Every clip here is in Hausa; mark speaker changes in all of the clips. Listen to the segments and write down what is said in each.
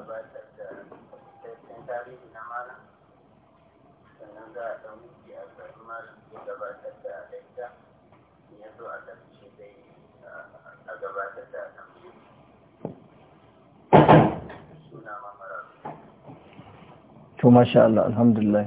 Speaker 1: gabatar da cikakken tarihi na mara sannan za a ɗan wuce a garin mara ke gabatar da alaita ya zo a ƙarshe zai a
Speaker 2: gabatar da tambayi suna mamara to masha Allah alhamdulillah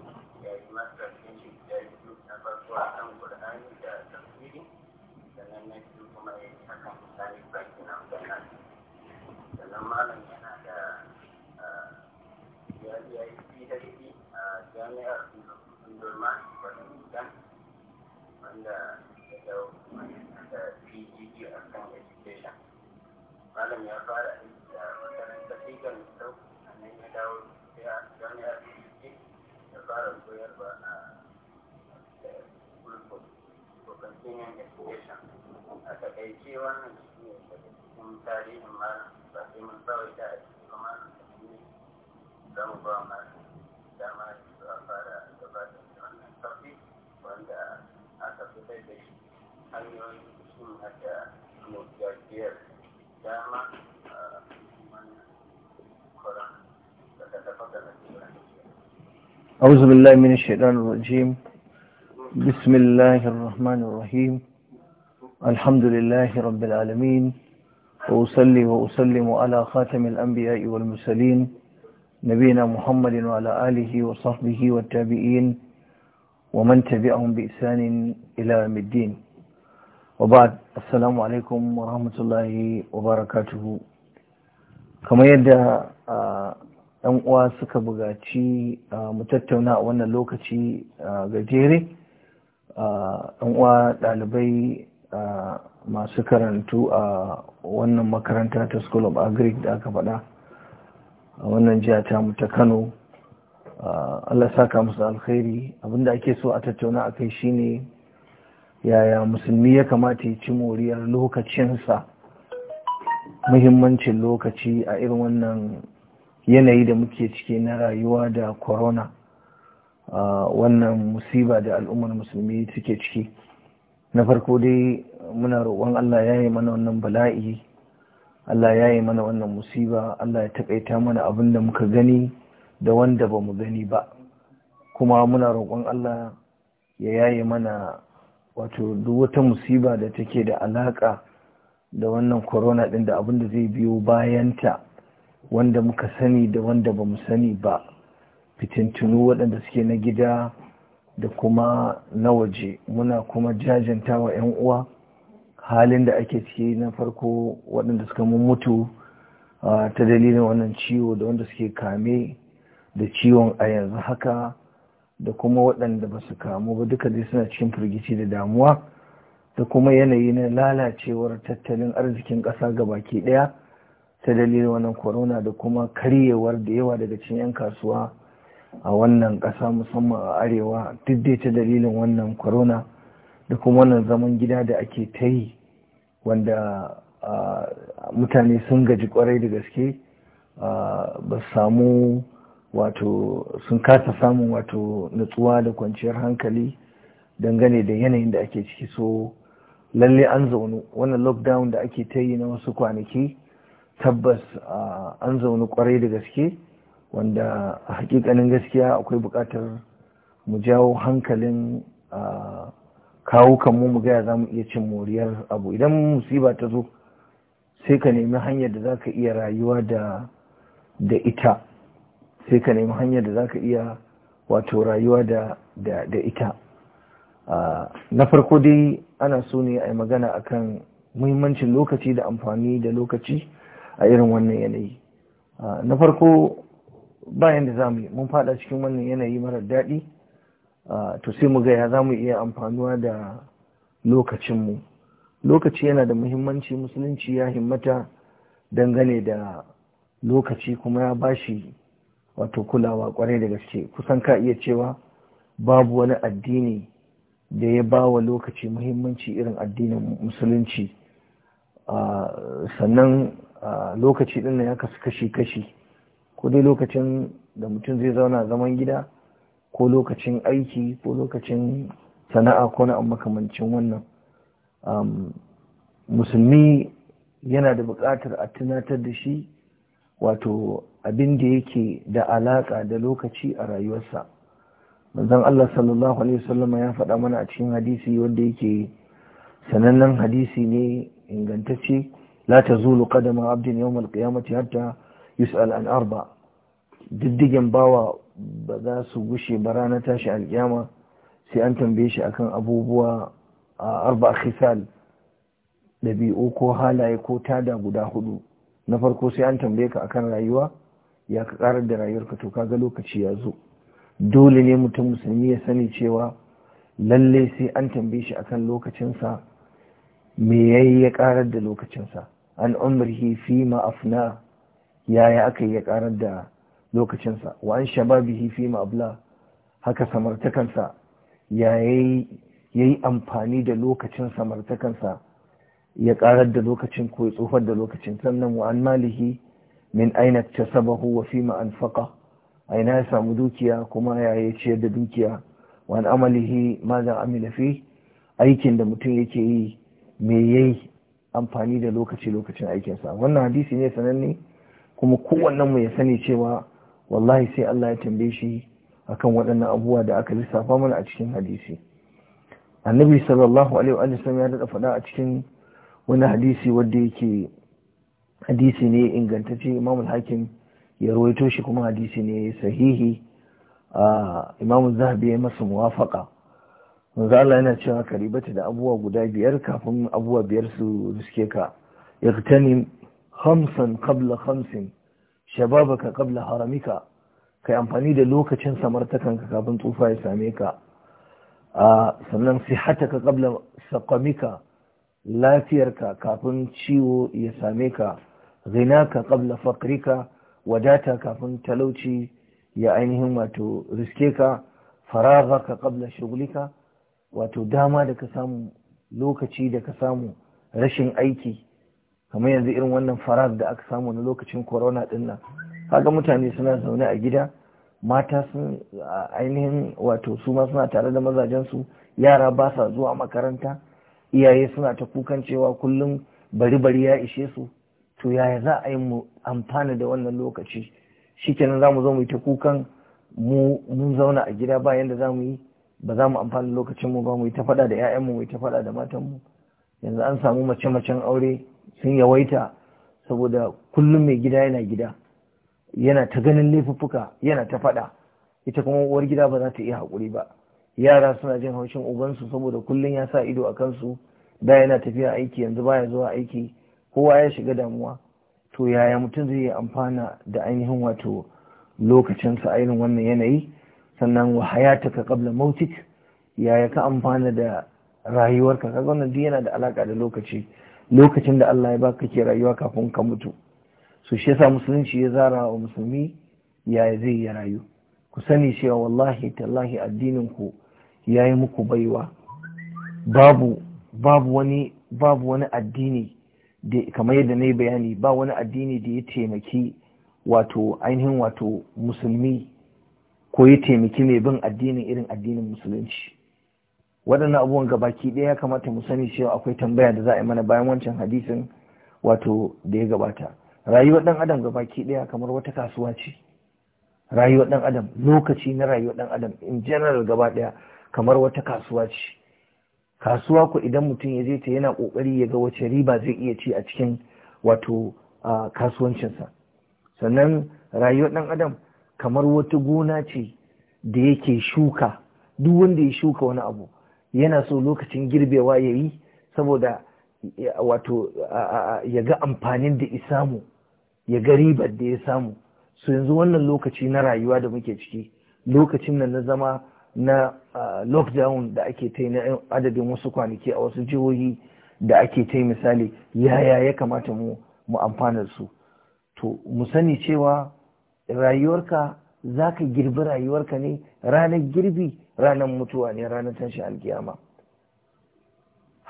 Speaker 1: master ɗin da ya biyu na farko a kan Kur'ani da tafsiri sannan Palestinian Declaration. A takaice wannan shi ne daga cikin tarihin malam ba sai mun kawai da a cikin za mu ba dama da zuwa fara gabatar da wannan tafi wanda aka fitar da shi hanyoyin sun hada dama a wannan koran da ta da na
Speaker 2: أعوذ بالله من الشيطان الرجيم بسم الله الرحمن الرحيم الحمد لله رب العالمين وأصلي وأسلم على خاتم الأنبياء والمرسلين نبينا محمد وعلى آله وصحبه والتابعين ومن تبعهم بإحسان إلى يوم الدين وبعد السلام عليكم ورحمة الله وبركاته كما يدى ɗan uwa suka bugaci mu tattauna a wannan lokaci gajere uwa ɗalibai masu karantu a wannan makaranta ta school of agric da aka faɗa a wannan jiya ta mu ta kano allah saka musu alkhairi abinda ake so a tattauna a kai shine yaya musulmi ya kamata ya ci moriyar lokacinsa muhimmancin lokaci a irin wannan yanayi da muke ciki na rayuwa da corona wannan musiba da al'ummar musulmi suke ciki na farko dai muna roƙon Allah ya yi mana wannan bala'i Allah ya yi mana wannan musiba Allah ya taƙaita mana abin da muka gani da wanda ba mu gani ba kuma muna roƙon Allah ya yaye mana wato duk wata musiba da take da alaƙa da wannan corona ɗin da abin da zai biyo bayanta wanda muka sani da wanda ba mu sani ba fitintunu waɗanda suke na gida da kuma na waje muna kuma jajanta wa 'yan uwa halin da ake ciki na farko waɗanda suka mutu ta dalilin wannan ciwo da wanda suke kame da ciwon a yanzu haka da kuma waɗanda ba su kamu ba duka dai suna cikin firgici da damuwa da kuma yanayi na lalacewar tattalin arzikin ƙasa ga baki ɗaya ta dalilin wannan corona da kuma karyewar da yawa daga cin 'yan kasuwa a wannan ƙasa musamman a arewa duk da ta dalilin wannan corona da kuma wannan zaman gida da ake ta yi wanda mutane sun gaji kwarai da gaske ba samu wato sun kasa samun wato nutsuwa da kwanciyar hankali dangane da yanayin da ake ciki so lalle an zaunu wannan lockdown da ake ta yi na wasu kwanaki tabbas an zaune kwarai da gaske wanda a hakikanin gaskiya akwai buƙatar mu jawo hankalin kawo kanmu mu gaya za mu iya cin moriyar abu idan musiba ta zo sai ka nemi hanyar da za ka iya rayuwa da ita sai ka nemi hanyar da za ka iya wato rayuwa da ita na farko dai ana so ne a yi magana akan muhimmancin lokaci da amfani da lokaci a irin wannan yanayi na farko bayan da zamu mun fada cikin wannan yanayi marar daɗi to sai mu ga ya zamu iya amfanuwa da lokacinmu lokaci yana da muhimmanci musulunci ya himmata dangane da lokaci kuma ya bashi wato kulawa kwarai da gaske kusan ka iya cewa babu wani addini da ya ba wa lokaci muhimmanci irin addinin musulunci sannan lokaci ɗin ya kasu kashi-kashi ko dai lokacin da mutum zai zauna zaman gida ko lokacin aiki ko lokacin sana'a ko na makamancin wannan musulmi yana da buƙatar a tunatar da shi wato abin da yake da alaƙa da lokaci a rayuwarsa manzon Allah sallallahu alaihi wasallam ya faɗa mana a cikin hadisi wanda yake sanannen hadisi ne ingantacce la tazulu qadama abdin yawm al-qiyamati hatta yus'al an arba diddigen bawa ba za su gushe ba ranar tashi alkiyama sai an tambaye shi akan abubuwa a arba khisal ɗabi'u ko halaye ko tada guda hudu na farko sai an tambaye ka akan rayuwa ya ka karar da rayuwarka to kaga lokaci ya zo dole ne mutum musulmi ya sani cewa lallai sai an tambaye shi akan lokacinsa me yayi ya karar da lokacinsa an umrihi fi ma afna yaya aka yi ya karar da lokacinsa wa an shababihi fi ma'abla haka samartakansa yayi yi amfani da lokacin samartakansa ya karar da lokacin ko ya tsofar da lokacin sannan wa an malihi min aina sabahu wa fi ma anfaqa aina ya samu dukiya kuma yi ciyar da dukiya wa an amalihi ma za amila fi aikin da mutum yake yi me yayi amfani da lokaci lokacin aikinsa wannan hadisi ne sananne kuma kowannen mu ya sani cewa wallahi sai Allah ya tambaye shi akan waɗannan abubuwa da aka lissafa mana a cikin hadisi annabi sallallahu alaihi wa sallam ya daɗa faɗa a cikin wani hadisi wanda yake hadisi ne ingantacce al hakim ya rawaito shi kuma hadisi ne sahihi imamu zahabi ya masa muwafaka manzo Allah yana cewa karibata da abubuwa guda biyar kafin abubuwa biyar su riske ka iqtanim hamsan kabla hamsin ka kabla haramika kai amfani da lokacin samartakanka kafin tsufa ya same ka sannan ka kabla sakamika lafiyarka kafin ciwo ya same ka ka kabla fakrika wadata kafin talauci ya ainihin wato riske ka kabla shugulika wato dama da ka samu lokaci da ka samu rashin aiki kamar yanzu irin wannan farar da aka samu na lokacin corona din nan kaga mutane suna zaune a gida mata sun ainihin wato su ma suna tare da mazajensu yara ba sa zuwa makaranta iyaye suna ta kukan cewa kullum bari bari ya ishe su to yaya za a yi mu amfana da wannan lokaci shikenan za mu zo mu yi ta kukan mu zauna a gida ba yanda za mu yi ba za mu amfana lokacin mu ba mu yi ta faɗa da 'ya'yanmu mu yi ta faɗa da matanmu yanzu an samu mace-macen aure sun yawaita saboda kullum mai gida yana gida yana ta ganin laifuffuka yana ta faɗa ita kuma uwar gida ba za ta iya haƙuri ba yara suna jin haushin ubansu saboda kullum ya sa ido a kansu da yana tafiya aiki yanzu baya zuwa aiki kowa ya shiga damuwa to yaya mutum zai yi amfana da ainihin wato lokacin sa ainihin wannan yanayi sannan wa hayataka qabla mautik yaya ka amfana da rayuwarka kaga wannan duk yana da alaka da lokaci lokacin da Allah ya baka ke rayuwa kafin ka mutu su shi yasa musulunci ya zara wa musulmi yaya zai ya rayu ku sani cewa wallahi tallahi addinin ku ya yi muku baiwa babu babu wani babu wani addini kamar yadda na yi bayani ba wani addini da ya taimaki wato ainihin wato musulmi ko ya taimaki mai bin addinin irin addinin musulunci waɗannan abubuwan gabaki ɗaya ya kamata mu sani cewa akwai tambaya da za a yi mana bayan wancan hadisin wato da ya gabata rayuwar ɗan adam gabaki ɗaya kamar wata kasuwa ce rayuwar ɗan adam lokaci na rayuwar ɗan adam in general gaba ɗaya kamar wata kasuwa ce kasuwa ku idan mutum ya je ta yana ƙoƙari ya ga wace riba zai iya ci a cikin wato kasuwancinsa sannan rayuwar ɗan adam kamar wata gona ce da yake shuka duk wanda ya shuka wani abu yana so lokacin girbewa ya yi saboda wato ya ga amfanin da isamu ya ga ribar da ya samu su yanzu wannan lokaci na rayuwa da muke ciki lokacin nan na zama na lockdown da ake ta na adadin wasu kwanaki a wasu jihohi da ake ta misali yaya ya kamata mu mu amfanar su to mu sani cewa rayuwarka za ka girbi rayuwarka ne ranar girbi ranar mutuwa ne ranar tashi alkiyama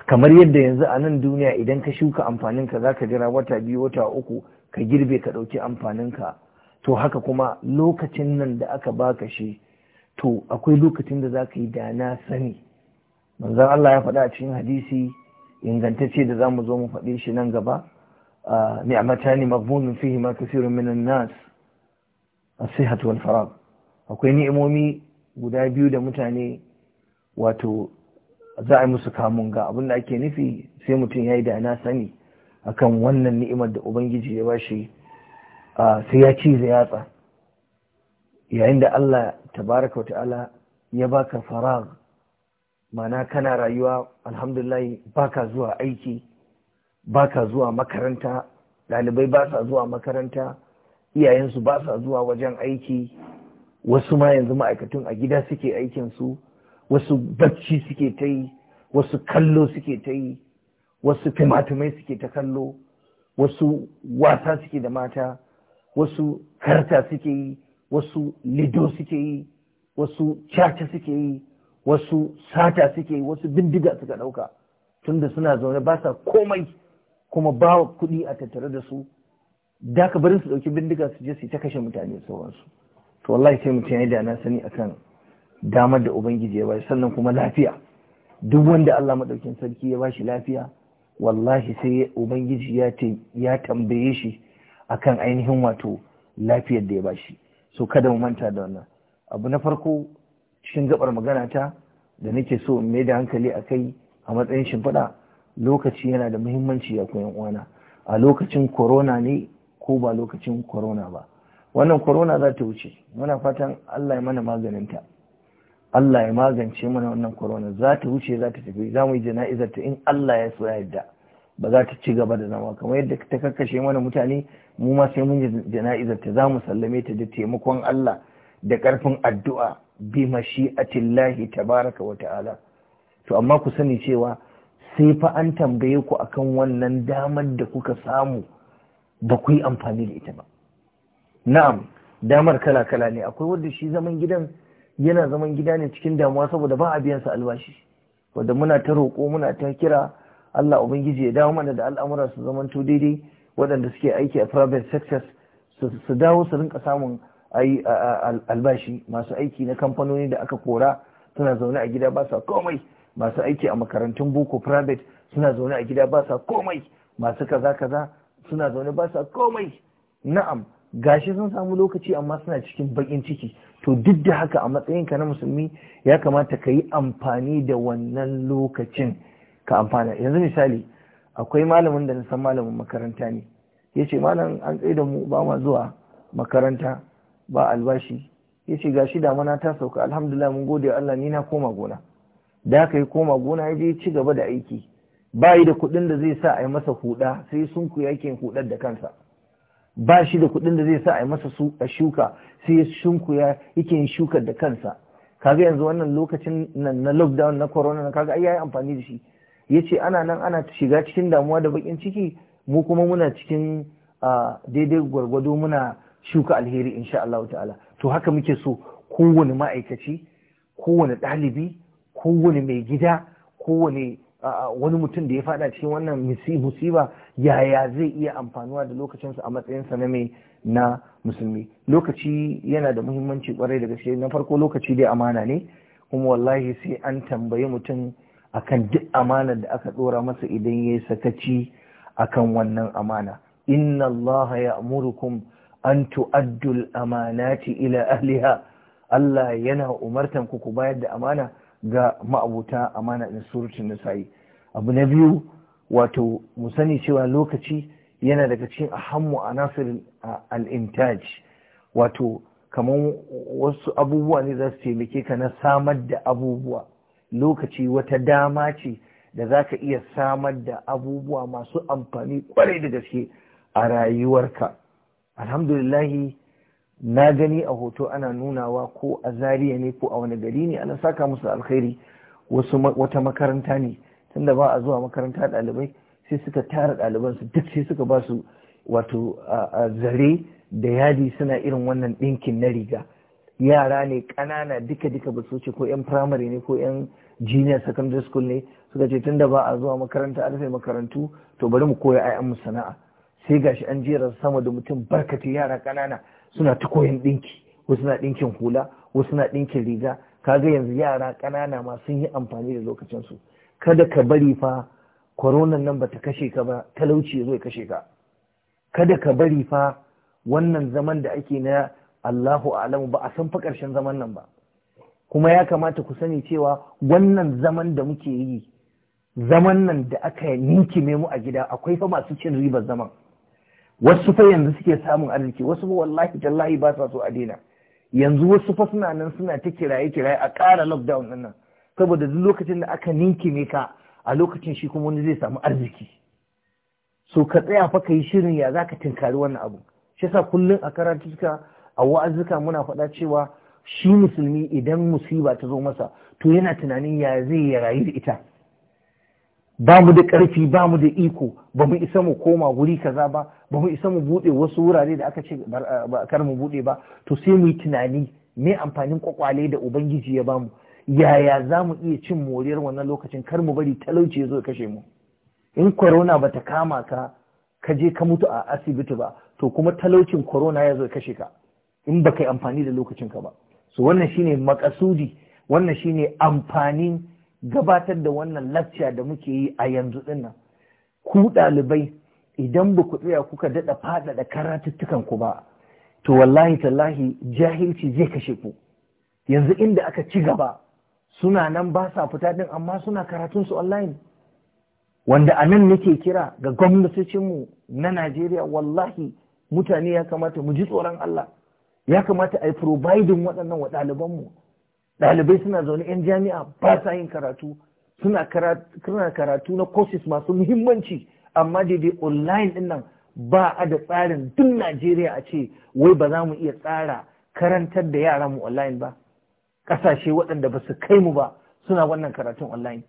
Speaker 2: kamar yadda yanzu a nan duniya idan ka shuka amfanin ka zaka jira wata biyu wata uku ka girbe ka ɗauki ka to haka kuma lokacin nan da aka baka shi to akwai lokacin da zaka yi da na sani manzon Allah ya faɗa a cikin hadisi ingantacce da za mu zo mu faɗi shi nan gaba ni'amata ne fihi ma kaseerun minan nas as wal farag akwai ni'imomi guda biyu da mutane wato za a yi musu kamun ga abin da ake nufi sai mutum ya yi da na sani akan wannan ni'imar da ubangiji ya bashi sai ya ci zai yatsa yayin da Allah tabaraka wa ta'ala ya baka farag mana kana rayuwa alhamdulillah baka zuwa aiki baka zuwa makaranta ɗalibai ba sa zuwa makaranta iyayensu ba sa zuwa wajen aiki wasu ma yanzu ma'aikatun a gida suke aikin su wasu bacci suke ta yi wasu kallo suke ta yi wasu tumatumai suke ta kallo wasu wasa suke da mata wasu karta suke yi wasu lido suke yi wasu caca suke yi wasu sata suke yi wasu bindiga suka ɗauka tunda suna zaune ba sa komai kuma ba kuɗi a tattare da su da ka bari su ɗauki bindiga su je su ta kashe mutane sauransu to wallahi sai mutum ya yi da na sani akan damar da ubangiji ya bashi sannan kuma lafiya duk wanda Allah madaukin sarki ya bashi lafiya wallahi sai ubangiji ya tambaye shi akan ainihin wato lafiyar da ya bashi so kada mu manta da wannan abu na farko cikin gabar magana ta da nake so in mai da hankali a kai a matsayin shimfiɗa lokaci yana da muhimmanci ya koyan uwana a lokacin korona ne ko ba lokacin korona ba wannan corona za ta wuce muna fatan Allah ya mana maganinta Allah ya magance mana wannan korona. za ta wuce za ta tafi za mu yi jana'izar ta in Allah ya so ya yadda ba za ta ci gaba da zama kamar yadda ta kakkashe mana mutane mu ma sai mun yi jana'izar ta za mu sallame ta da taimakon Allah da karfin addu'a bi mashi'atillahi tabaraka wa ta'ala to amma ku sani cewa sai fa an tambaye ku akan wannan damar da kuka samu ba ku yi amfani da ita ba na'am damar kala kala ne akwai wanda shi zaman gidan yana zaman gida ne cikin damuwa saboda ba a biyan sa albashi wanda muna ta roƙo muna ta kira Allah ubangiji ya dawo mana da al'amura su to daidai waɗanda suke aiki a private sectors su dawo su rinka samun albashi masu aiki na kamfanoni da aka kora suna zaune a gida ba sa komai masu aiki a makarantun boko private suna zaune a gida ba sa komai masu kaza kaza suna zaune ba sa komai na'am gashi sun samu lokaci amma suna cikin bakin ciki to duk da haka a matsayin ka na musulmi ya kamata ka yi amfani da wannan lokacin ka amfana yanzu misali akwai malamin da na san malamin makaranta ne ya ce malam an tsaye da mu ba ma zuwa makaranta ba albashi ya ce gashi da mana ta sauka alhamdulillah mun gode Allah ni na koma gona da haka ya koma gona ya je ci gaba da aiki ba yi da kuɗin da zai sa a yi masa huɗa sai sun ku yakin huɗar da kansa ba shi da kuɗin da zai sa a yi masa a shuka sai ya ya yake yin shuka da kansa kaga yanzu wannan lokacin nan na lockdown na corona na kaga ai yayi amfani da shi yace ana nan ana shiga cikin damuwa da bakin ciki mu kuma muna cikin daidai gwargwado muna shuka alheri insha Allah ta'ala to haka muke so kowane ma'aikaci kowane ɗalibi kowane mai gida kowane wani mutum da ya fada cikin wannan musiba yaya zai iya amfanuwa da lokacinsa a matsayinsa na mai na musulmi lokaci yana da muhimmanci kwarai da gaske na farko lokaci dai amana ne kuma wallahi sai an tambayi mutum akan duk amanar da aka dora masa idan ya yi sakaci akan wannan amana inna allaha ya'murukum an tu'addul amanati ila ahliha Allah yana umartan ku ku bayar da amana ga ma'abuta amana in suratul nisa'i abu na biyu wato mu sani cewa lokaci yana daga cikin ahammu a nasirin al'intaj wato kamar wasu abubuwa ne za su taimake ka na samar da abubuwa lokaci wata dama ce da za ka iya samar da abubuwa masu amfani kwarai da gaske a rayuwarka alhamdulillahi na gani a hoto ana nunawa ko a zariya ne ko a wani gari ne ana saka musu alkhairi wasu wata makaranta ne tunda ba a zuwa makaranta ɗalibai sai suka tara ɗaliban su duk sai suka ba su wato zare da yadi suna irin wannan ɗinkin na riga yara ne ƙanana duka-duka ba su ce ko 'yan firamare ne ko 'yan jiniya, secondary school ne suka ce tunda ba a zuwa makaranta an makarantu to bari mu koya ayan mu sana'a sai gashi an jera sama da mutum barkati yara ƙanana suna ta koyan ɗinki wasu na ɗinkin hula wasu na ɗinkin riga Ka ga yanzu yara ƙanana ma sun yi amfani da lokacinsu kada ka bari fa koronan nan bata kashe ka ba talauci ya zo ya kashe ka kada ka bari fa wannan zaman da ake na Allahu alamu ba a san fa ƙarshen zaman nan ba kuma ya kamata ku sani cewa wannan zaman da muke yi zaman nan da aka ninkime mu a gida akwai fa masu cin ribar zaman wasu fa yanzu suke samun arziki wasu fa wallahi tallahi ba sa so a daina yanzu wasu fa suna nan suna ta kiraye kiraye a ƙara lockdown din nan saboda duk lokacin da aka me ka a lokacin shi kuma wani zai samu arziki so ka tsaya fa ka yi shirin ya za ka tinkari wannan abu shi yasa kullum a karatuka a wa'azuka muna faɗa cewa shi musulmi idan musiba ta zo masa to yana tunanin ya zai ya rayu da ita ba mu da ƙarfi ba mu da iko ba mu isa mu koma wuri kaza ba ba mu isa mu buɗe wasu wurare da aka ce ba kar mu buɗe ba to sai mu yi tunani me amfanin kwakwale da ubangiji ya bamu yaya za mu iya cin moriyar wannan lokacin kar mu bari talauci ya zo ya kashe mu in corona ba ta kama ka ka je ka mutu a asibiti ba to kuma talaucin corona ya zo ya kashe ka in ba ka yi amfani da lokacin ka ba so wannan shine makasudi wannan shine amfani gabatar da wannan lacca da muke yi a yanzu din ku ɗalibai idan ba ku tsaya kuka daɗa faɗaɗa karatuttukan ku ba to wallahi tallahi jahilci zai kashe ku yanzu inda aka ci gaba suna nan ba sa fita din amma suna karatun su online wanda a nan nake kira ga mu na Najeriya wallahi mutane ya kamata mu ji tsoron Allah ya kamata a yi providing waɗannan wa mu. ɗalibai suna zaune 'yan jami'a ba sa yin karatu suna karatu na courses masu muhimmanci amma daidai online ɗin nan ba a da tsarin duk Najeriya a ce wai ba za mu iya tsara karantar da yaranmu online ba ƙasashe waɗanda ba su kai mu ba suna wannan karatun online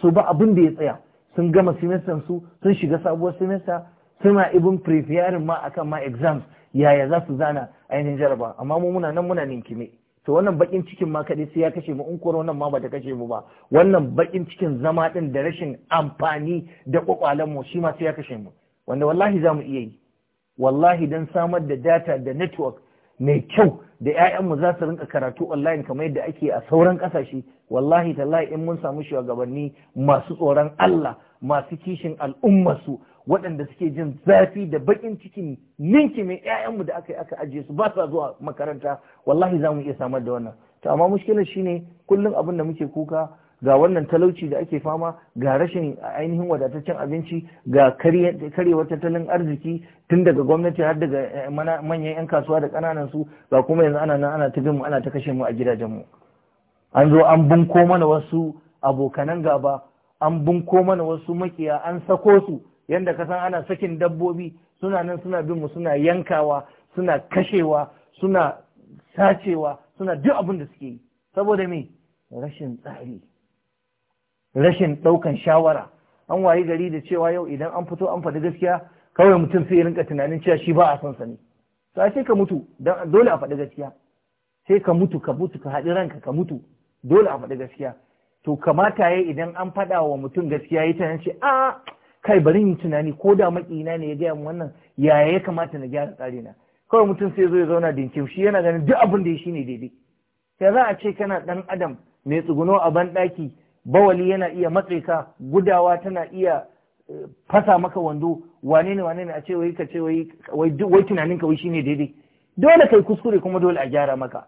Speaker 2: so ba abin da ya tsaya sun gama semester su sun shiga sabuwar semester suna ibin prefiyarin ma akan ma exams yaya za su zana ainihin jaraba amma mu muna nan muna ninkime to wannan bakin cikin ma kaɗai sai ya kashe mu in wannan ma ba ta kashe mu ba wannan bakin cikin zama ɗin da rashin amfani da kwakwalen mu shi ma sai ya kashe mu wanda wallahi za mu iya yi wallahi don samar da data da network mai kyau da 'ya'yanmu za su rinka karatu online kamar yadda ake a sauran ƙasashe wallahi tallahi in mun samu shugabanni masu tsoron Allah masu kishin al'ummarsu waɗanda suke jin zafi da baƙin cikin ninki mai 'ya'yanmu da aka yi aka ajiye su ba sa zuwa makaranta wallahi za mu iya samar da wannan to amma mushkilar shine kullum abin da muke kuka ga wannan talauci da ake fama ga rashin ainihin wadataccen abinci ga karyewar tattalin arziki tun daga gwamnati har daga eh, manyan 'yan kasuwa da kananan su ga kuma yanzu ana nan ana ta mu ana ta kashe mu a gidajen mu. an zo an bunko mana wasu abokanan gaba an bunko mana wasu makiya an sako su yanda ka san ana sakin dabbobi suna nan suna bin mu suna yankawa suna kashewa suna sacewa suna duk abin da suke yi saboda me rashin tsari rashin ɗaukan shawara an wayi gari da cewa yau idan an fito an faɗi gaskiya kawai mutum sai rinka tunanin cewa shi ba a son sa ne to sai ka mutu dan dole a faɗi gaskiya sai ka mutu ka mutu ka haɗi ranka ka mutu dole a faɗi gaskiya to kamata ya idan an faɗa wa mutum gaskiya ya tunanin ce a kai bari yin tunani ko da maƙina ne ya gaya min wannan yaya ya kamata na gyara tsari na kawai mutum sai zo ya zauna dinkin shi yana ganin duk abin da ya shine daidai sai za a ce kana ɗan adam mai tsuguno a ban bawali yana iya matse ka gudawa tana iya eh, fasa maka wando wane ne wane ne a ce wai ka ce wai wai tunaninka wai shine daidai dole kai kuskure kuma dole a gyara maka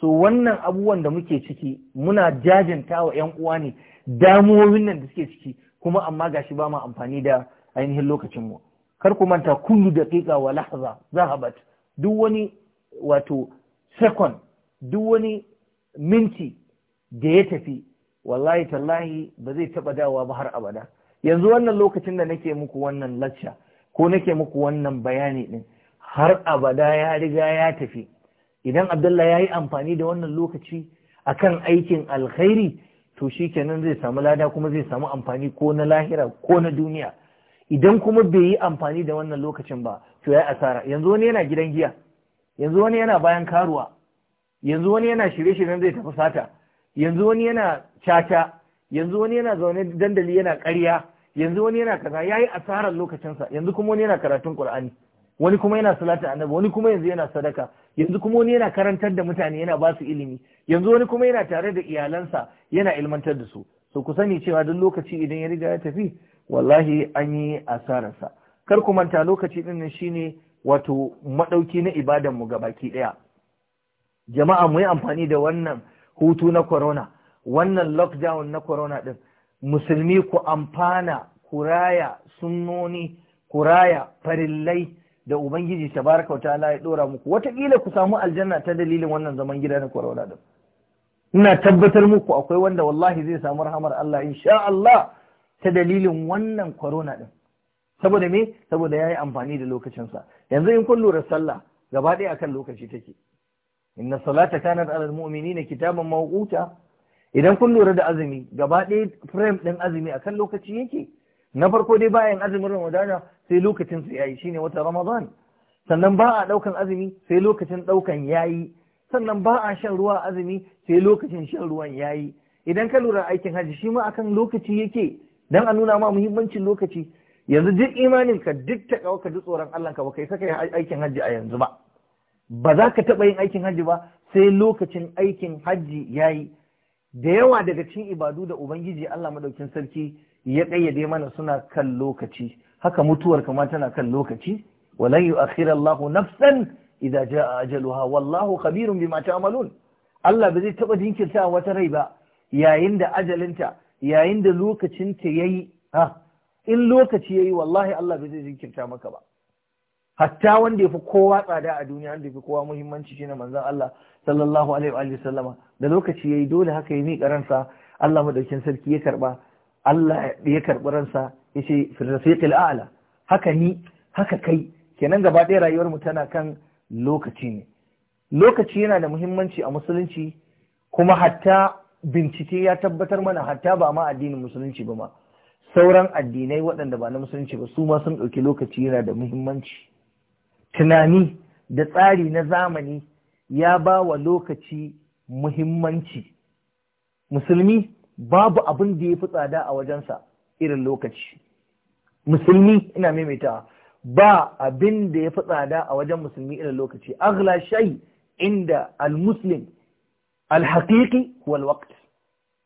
Speaker 2: so wannan abubuwan da muke ciki muna jajantawa yan uwa ne damuwoyin nan da suke ciki kuma amma gashi ba mu amfani da ainihin lokacin mu kar ku manta kullu daqiqa wa lahza zahabat duk wani wato second duk wani minti da ya tafi wallahi tallahi ba zai taba dawa ba har abada yanzu wannan lokacin da nake muku wannan lacca ko nake muku wannan bayani din har abada ya riga ya tafi idan abdullah ya yi amfani da wannan lokaci akan aikin alkhairi to shi kenan zai samu lada kuma zai samu amfani ko na lahira ko na duniya idan kuma bai yi amfani da wannan lokacin ba to ya asara yanzu wani yana gidan giya yanzu wani yana bayan karuwa yanzu wani yana shirye-shiryen zai tafi sata yanzu wani yana caca yanzu wani yana zaune dandali yana ƙarya yanzu wani yana kaza yayi asarar lokacinsa yanzu kuma wani yana karatun Qur'ani wani kuma yana salata annabi wani kuma yanzu yana sadaka yanzu kuma wani yana karantar da mutane yana ba su ilimi yanzu wani kuma yana tare da iyalansa yana ilmantar da su so ku sani cewa duk lokaci idan ya riga ya tafi wallahi an yi asararsa kar ku manta lokaci din nan shine wato madauki na ibadan mu gabaki daya jama'a mu yi amfani da wannan hutu na corona wannan lockdown na corona din musulmi ku amfana kuraya, raya sunnoni ku raya farillai da ubangiji tabaraka wa ta'ala ya dora muku wataƙila ku samu aljanna ta dalilin wannan zaman gida na corona din ina tabbatar muku akwai wanda wallahi zai samu rahamar Allah insha Allah ta dalilin wannan corona din saboda me saboda yayi amfani da lokacinsa yanzu in kun lura sallah gaba ɗaya akan lokaci take inna salata kanat ala almu'minina kitaban mawquta idan kun lura da azumi gaba ɗaya frame ɗin azumi akan lokaci yake na farko dai bayan azumin ramadana sai lokacin su yayi shine wata ramadan sannan ba a ɗaukan azumi sai lokacin ɗaukan yayi sannan ba a shan ruwa azumi sai lokacin shan ruwan yayi idan ka lura aikin hajji shi ma akan lokaci yake dan a nuna ma muhimmancin lokaci yanzu duk imanin ka duk ta ka duk tsoron Allah ka ba kai saka aikin hajji a yanzu ba ba za ka taɓa yin aikin hajji ba sai lokacin aikin hajji ya yi da yawa daga cikin ibadu da ubangiji Allah madaukin sarki ya ƙayyade mana suna kan lokaci haka mutuwar kama tana kan lokaci walan yu'akhir Allahu nafsan idza jaa ajaluha wallahu khabirun bima ta'malun Allah ba zai taɓa jinkirta wata rai ba yayin da ajalinta yayin da lokacinta yayi ha in lokaci yayi wallahi Allah ba zai jinkirta maka ba hatta wanda ya fi kowa tsada a duniya wanda ya fi kowa muhimmanci shine manzon Allah sallallahu alaihi wa sallama da lokaci yayi dole haka ya miƙa ransa Allah madaukin sarki ya karba Allah ya karbi ransa ya ce rafiqil a'la haka ni haka kai kenan gaba ɗaya rayuwar mu tana kan lokaci ne lokaci yana da muhimmanci a musulunci kuma hatta bincike ya tabbatar mana hatta ba ma addinin musulunci ba ma sauran addinai waɗanda ba na musulunci ba su ma sun ɗauki lokaci yana da muhimmanci tunani da tsari na zamani ya ba wa lokaci muhimmanci musulmi babu abin da ya fi tsada a wajensa irin lokaci
Speaker 1: musulmi
Speaker 2: ina maimaita ba abin da ya fi tsada a wajen musulmi irin lokaci Agla shai inda al-muslim al hakiki wal al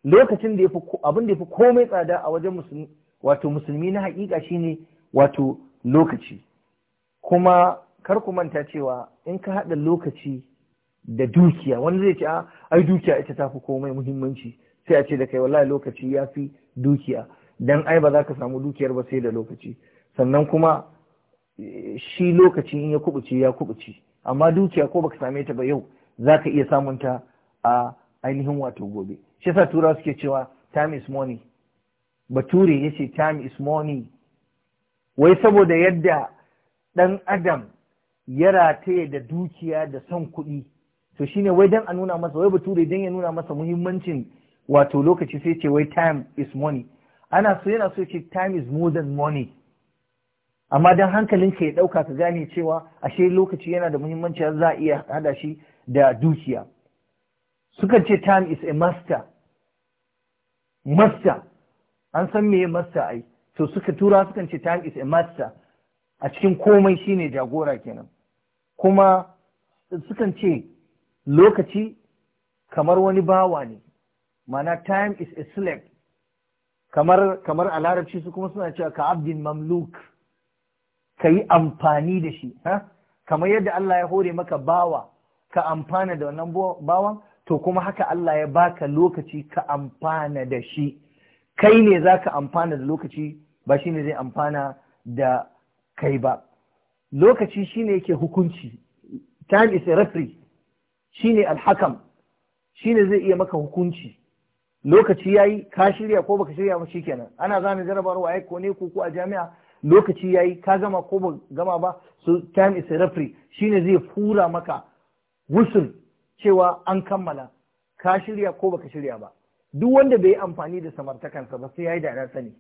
Speaker 2: lokacin da ya abin da fi komai tsada a wajen musulmi wato musulmi na haƙiƙa shine wato lokaci kuma kar ku manta cewa in ka haɗa lokaci da dukiya wani zai ce a ah, ai dukiya ita ta fi komai muhimmanci sai a ce da kai wallahi lokaci ya fi dukiya dan ai ba za ka samu dukiyar ba sai da lokaci sannan kuma shi lokaci in ya kubuce ya kubuce amma dukiya ko baka same ta ba yau za ka iya samun ta a ainihin wato gobe shi yasa tura suke cewa time is money bature ya ce time is money wai saboda yadda ɗan adam ya rataye da dukiya da son kuɗi to shine wai dan a nuna masa wai bature dan ya nuna masa muhimmancin wato lokaci sai ce wai time is money ana so yana so ce time is more than money amma dan hankalinka ya ɗauka ka gane cewa ashe lokaci yana da muhimmanci za a iya hada shi da dukiya sukan ce time is a master master an san meye master ai to suka tura sukan ce time is a master a cikin komai shine jagora kenan kuma sukan ce lokaci kamar wani bawa ne mana time is a slave kamar kamar a larabci su kuma suna cewa ka abdin mamluk ka yi amfani da shi ha kamar yadda Allah ya hore maka bawa ka amfana da wannan bawan to kuma haka Allah ya baka lokaci ka amfana da shi kai ne za ka amfana da lokaci ba shi ne zai amfana da kai ba lokaci shi ne yake hukunci time is a referee shi ne alhakam ne zai iya maka hukunci lokaci ya yi ka shirya ko baka shirya ba kenan. ana zane jarabar wa ko ne ko a jami'a lokaci ya yi ka gama ko ba gama ba so time is a referee shi ne zai fura maka wusul cewa an kammala ka shirya ko baka shirya ba duk wanda bai yi amfani da samartakansa ba sai yayi da na sani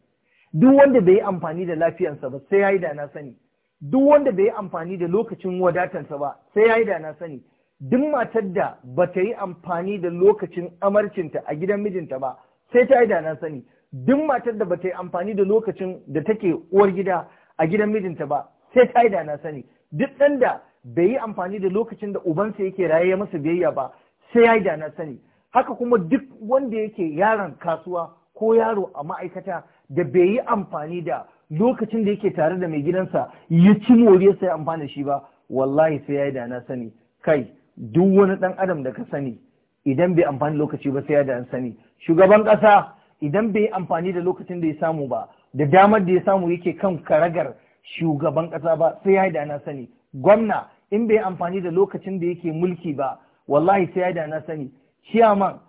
Speaker 2: duk wanda bai yi amfani da lafiyansa ba sai ya yi da na sani duk wanda bai yi amfani da lokacin wadatansa ba sai ya yi da na sani duk matar da ba ta yi amfani da lokacin amarcinta a gidan mijinta ba sai ta yi da na sani duk matar da ba ta yi amfani da lokacin da take uwar gida a gidan mijinta ba sai ta yi da na sani duk ɗan da bai yi amfani da lokacin da ubansa yake raye masa biyayya ba sai ya yi da na sani haka kuma duk wanda yake yaron kasuwa ko yaro a ma'aikata da bai yi amfani da lokacin da yake tare da mai gidansa ya ci moriyarsa sai amfani da shi ba wallahi sai ya da na sani kai duk wani dan adam da ka sani idan bai amfani lokaci ba sai ya da sani shugaban kasa idan bai yi amfani da lokacin da ya samu ba da damar da ya samu yake kan karagar shugaban kasa ba sai ya da na sani gwamna in bai amfani da lokacin da yake mulki ba wallahi sai ya da na sani ciyaman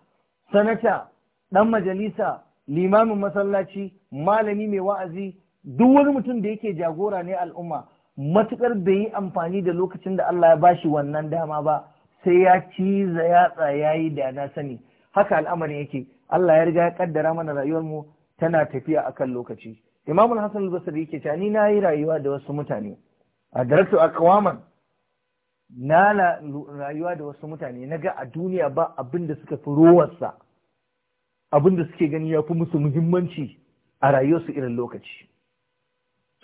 Speaker 2: sanata dan majalisa limamin masallaci malami mai wa'azi duk wani mutum da yake jagora ne al'umma matukar bai yi amfani da lokacin da Allah ya bashi wannan dama ba sai ya ciza yatsa ya yi da na sani haka al'amarin yake Allah ya riga ya ƙaddara mana rayuwar mu tana tafiya a kan lokaci Imam Hassan al-Basri yake cewa ni yi rayuwa da wasu mutane A adaratu aqwaman na rayuwa da wasu mutane naga a duniya ba abinda suka fi rowarsa abin da suke gani ya fi musu muhimmanci a rayuwarsu irin lokaci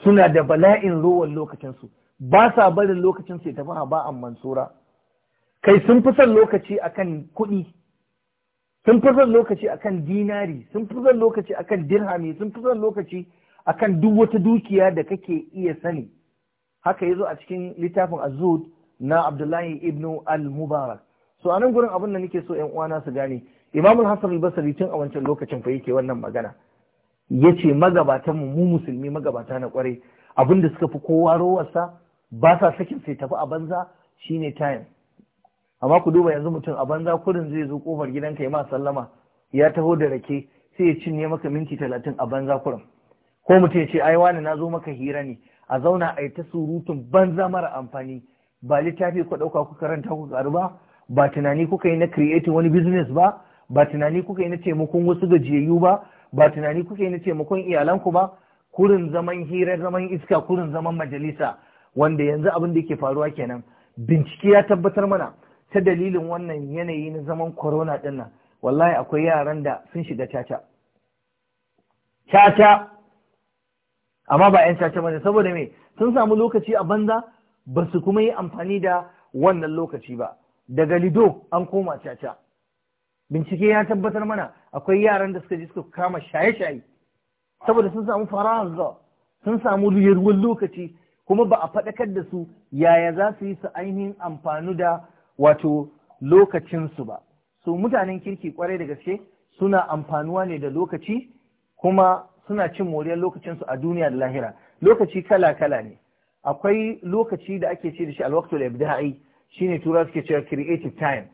Speaker 2: suna da bala'in rowan lokacinsu ba sa barin lokacinsu ya tafi ba a mansura kai sun fi son lokaci akan kuɗi sun fi son lokaci akan dinari sun fi son lokaci akan dirhami sun fi son lokaci akan duk wata dukiya da kake iya sani haka ya zo a cikin littafin azud na abdullahi ibnu al-mubarak so a nan gurin abin da nake so 'yan uwana su gane imamul hasan al-basri tun a wancan lokacin fa yake wannan magana yace magabatan mu mu musulmi magabata na kwarai abinda suka fi kowa rowarsa ba sa sakin sai tafi a banza shine time amma ku duba yanzu mutum a banza kurin zai zo kofar gidanka ya ma sallama ya taho da rake sai ya cinye maka minti talatin a banza kurin ko mutum ya ce ai wani na zo maka hira ne a zauna a yi ta surutun banza mara amfani ba littafi ku ɗauka ku karanta ku karu ba ba tunani kuka yi na creating wani business ba ba tunani kuka yi na taimakon wasu gajiyayyu ba ba tunani kuka yi na taimakon iyalanku ba kurin zaman hira zaman iska kurin zaman majalisa wanda yanzu abin da yake faruwa kenan bincike ya tabbatar mana ta dalilin wannan yanayi na zaman corona din wallahi akwai yaran da sun shiga caca caca amma ba 'yan caca bane saboda me sun samu lokaci a banza ba su kuma yi amfani da wannan lokaci ba daga lido an koma caca bincike ya tabbatar mana akwai yaran da suka ji suka kama shaye-shaye saboda sun samu faraza sun samu ruwan lokaci kuma ba a faɗakar da su yaya za su yi su ainihin amfani da wato lokacinsu ba su mutanen kirki kwarai da gaske suna amfanuwa ne da lokaci kuma suna cin moriyar lokacinsu a duniya da lahira lokaci kala-kala ne akwai lokaci da ake ce da shi alwaktul ibda'i shine tura suke cewa creative time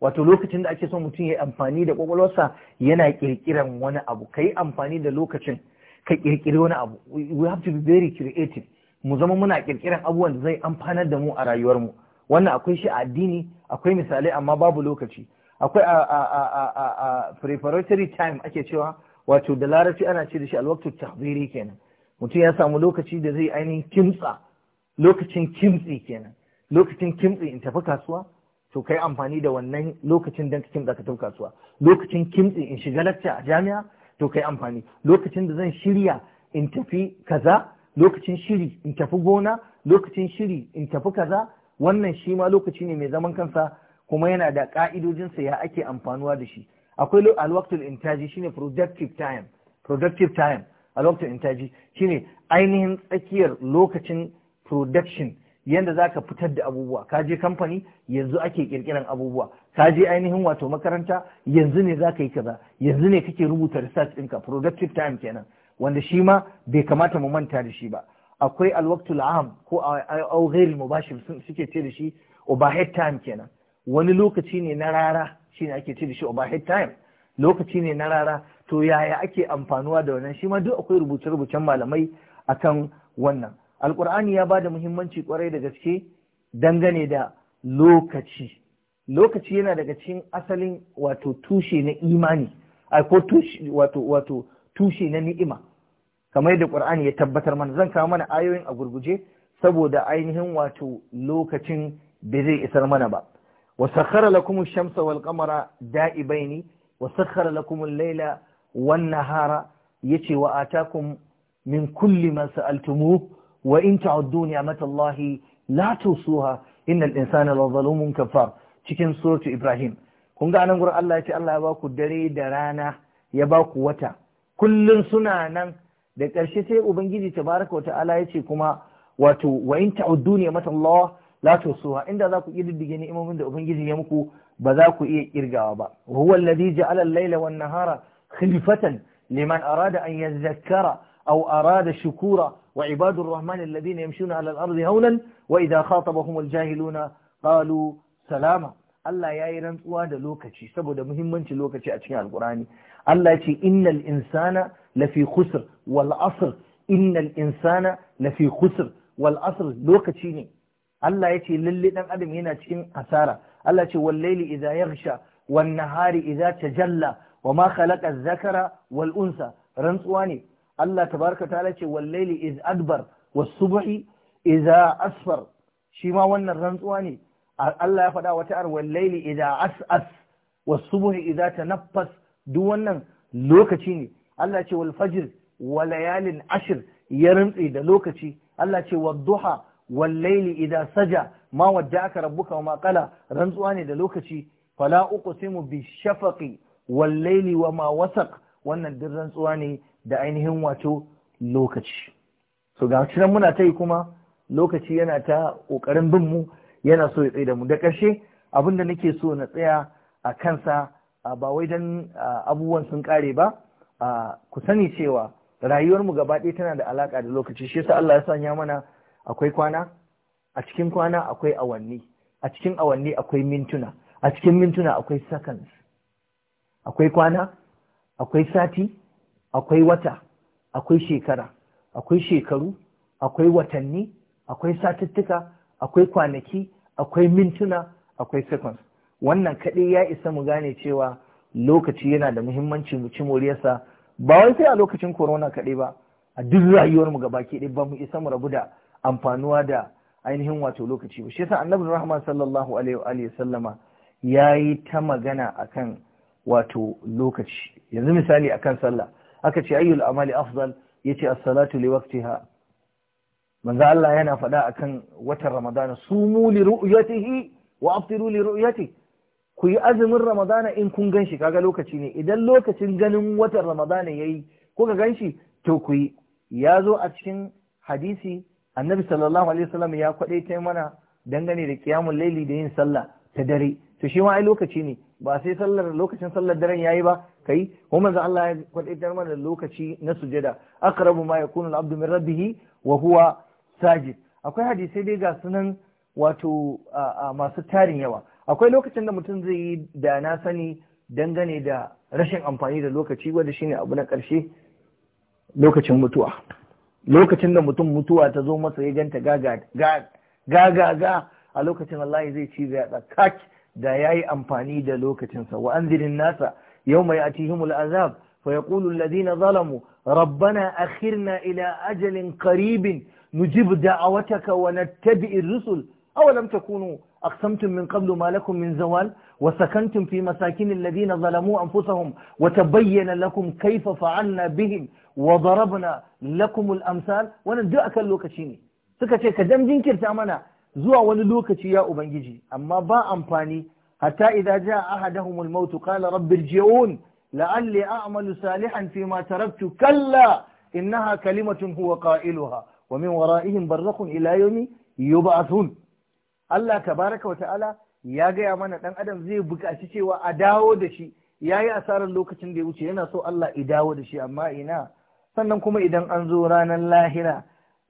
Speaker 2: wato lokacin da ake son mutum ya yi amfani da kwakwalwarsa yana kirkiran wani abu ka yi amfani da lokacin ka kirkiri wani abu we have to be very creative mu zama muna kirkiran abubuwan da zai amfanar da mu a rayuwarmu wannan akwai shi a addini akwai misalai amma babu lokaci akwai a preparatory time ake cewa wato da larabci ana ce da shi alwaktu tahziri kenan mutum ya samu lokaci da zai ainihin kimtsa lokacin kimtsi kenan lokacin kimtsi in tafi kasuwa to kai amfani da wannan lokacin don da ka kasuwa lokacin kimtsi in shiga lacca a jami'a to kai amfani lokacin da zan shirya in tafi kaza lokacin shiri in tafi gona lokacin shiri in tafi kaza wannan shi ma lokaci ne mai zaman kansa kuma yana da ka'idojinsa ya ake amfanuwa da shi akwai alwaktul intaji shine productive time productive time alwaktul intaji shine ainihin tsakiyar lokacin production yanda za ka fitar da abubuwa ka je kamfani yanzu ake kirkiran abubuwa ka je ainihin wato makaranta yanzu ne za ka yi kaza yanzu ne kake rubuta research ɗinka productive time kenan wanda shi ma bai kamata mu manta da shi ba akwai alwaktu la'am ko au ghairil mubashir suke ce da shi overhead time kenan wani lokaci ne na rara shine ake ce da shi overhead time lokaci ne na rara to yaya ake amfanuwa da wannan shi ma duk akwai rubuce-rubucen malamai akan wannan alkur'ani ya ba da muhimmanci kwarai da gaske dangane da lokaci lokaci yana daga cikin asalin wato tushe na imani ko wato tushe na ni'ima kamar da qur'ani ya tabbatar mana zan kawo mana ayoyin a gurguje saboda ainihin wato lokacin da zai isar mana ba wa sakhara lakum ash-shamsa wal qamara da'ibaini wa sakhara lakum al-laila wan nahara yace wa atakum min kulli ma sa'altumuhu wa in ta'uddu ni'matallahi la tusuha innal insana la zalumun kafar cikin suratu Ibrahim kun ga nan gurin Allah ya ce Allah ya ba ku dare da rana ya ba ku wata kullun suna nan da ƙarshe sai ubangiji tabaraka wa ta'ala ya ce kuma wato wa in ta'uddu ni'matallahi la tusuha inda za ku kididdige ni'imomin da ubangiji ya muku ba za ku iya kirgawa ba wa huwa alladhi ja'ala al-laila wan nahara khilfatan liman arada an yadhakkara aw arada shukura وعباد الرحمن الذين يمشون على الأرض هونا وإذا خاطبهم الجاهلون قالوا سلاما Allah ya yi rantsuwa da lokaci saboda muhimmanci lokaci a cikin alkurani Allah ce innal insana lafi khusr wal asr innal insana lafi khusr wal asr lokaci ne Allah ya ce lalle dan adam yana cikin asara Allah ce wal laili idza yaghsha wan nahari idza tajalla wa ma khalaqa adh-dhakara wal unsa rantsuwa ne Allah tabaraka ta'ala ce wallaili iz adbar was subhi idza asfar shi ma wannan rantsuwa ne Allah ya faɗa wata ar wallaili idza as'as was subhi idza tanaffas duk wannan lokaci ne Allah ce wal fajr wa layalin ashr ya rantsi da lokaci Allah ce wad duha wal laili idza saja ma wadda'aka rabbuka wa ma qala rantsuwa ne da lokaci fala uqsimu bi shafaqi wal laili wa ma wasaq wannan duk rantsuwa ne da ainihin wato lokaci so ga shi muna ta yi kuma lokaci yana ta ƙoƙarin bin mu yana so ya tsaye da mu da ƙarshe abin da nake so na tsaya a kansa ba wai don abubuwan sun ƙare ba ku sani cewa rayuwar mu gaba ɗaya tana da alaƙa da lokaci shi yasa Allah ya sanya mana akwai kwana a cikin kwana akwai awanni a cikin awanni akwai mintuna a cikin mintuna akwai seconds akwai kwana akwai sati akwai wata akwai shekara akwai shekaru akwai watanni akwai satuttuka akwai kwanaki akwai mintuna akwai seconds wannan kaɗai ya isa mu gane cewa lokaci yana da muhimmanci mu ci moriyarsa ba wai sai a lokacin corona kaɗai ba a duk rayuwarmu baki ɗaya ba mu isa mu rabu da amfanuwa da ainihin wato lokaci ba shi yasa annabi rahman sallallahu alaihi wa sallama yayi ta magana akan wato lokaci yanzu misali akan sallah aka ce ayyul amali afdal yace as-salatu li waqtiha manzo Allah yana faɗa akan watan Ramadana sumu li ru'yatihi wa aftiru li ru'yati ku yi azumin Ramadana in kun ganshi kaga lokaci ne idan lokacin ganin watan Ramadana yayi kuka ganshi to ku yi ya zo a cikin hadisi annabi sallallahu alaihi wasallam ya kwadaita mana dangane da kiyamul laili da yin sallah ta dare to shi ma ai lokaci ne ba sai sallar lokacin sallar daren yayi ba kai ko manzo Allah ya kwadaitar mana lokaci na sujada aqrabu ma yakunu al-abdu min rabbih wa huwa sajid akwai hadisi dai ga sunan wato masu tarin yawa akwai lokacin da mutum zai yi da na sani dangane da rashin amfani da lokaci wanda shine abu na karshe. lokacin mutuwa lokacin da mutum mutuwa ta zo masa ya ganta gaga ga a lokacin Allah zai ci zai da kak da yayi amfani da lokacinsa wa anzirin nasa يوم يأتيهم العذاب فيقول الذين ظلموا ربنا أخرنا إلى أجل قريب نجب دعوتك ونتبع الرسل أولم تكونوا أقسمتم من قبل ما لكم من زوال وسكنتم في مساكن الذين ظلموا أنفسهم وتبين لكم كيف فعلنا بهم وضربنا لكم الأمثال وندعك اللوكشيني سكتك دم ka أمنا زوى mana يا wani أما با ubangiji حتى إذا جاء أحدهم الموت قال رب ارجعون لعلي أعمل صالحا فيما تركت كلا إنها كلمة هو قائلها ومن ورائهم برزخ إلى يوم يبعثون الله تبارك وتعالى يا جاي أمانة أن أدم زي بك أشيشي وأداو دشي يا يا أسار اللوكة تندي وشي هنا سو الله إداو دشي أما إنا فنمكم إذا أنزورانا الله هنا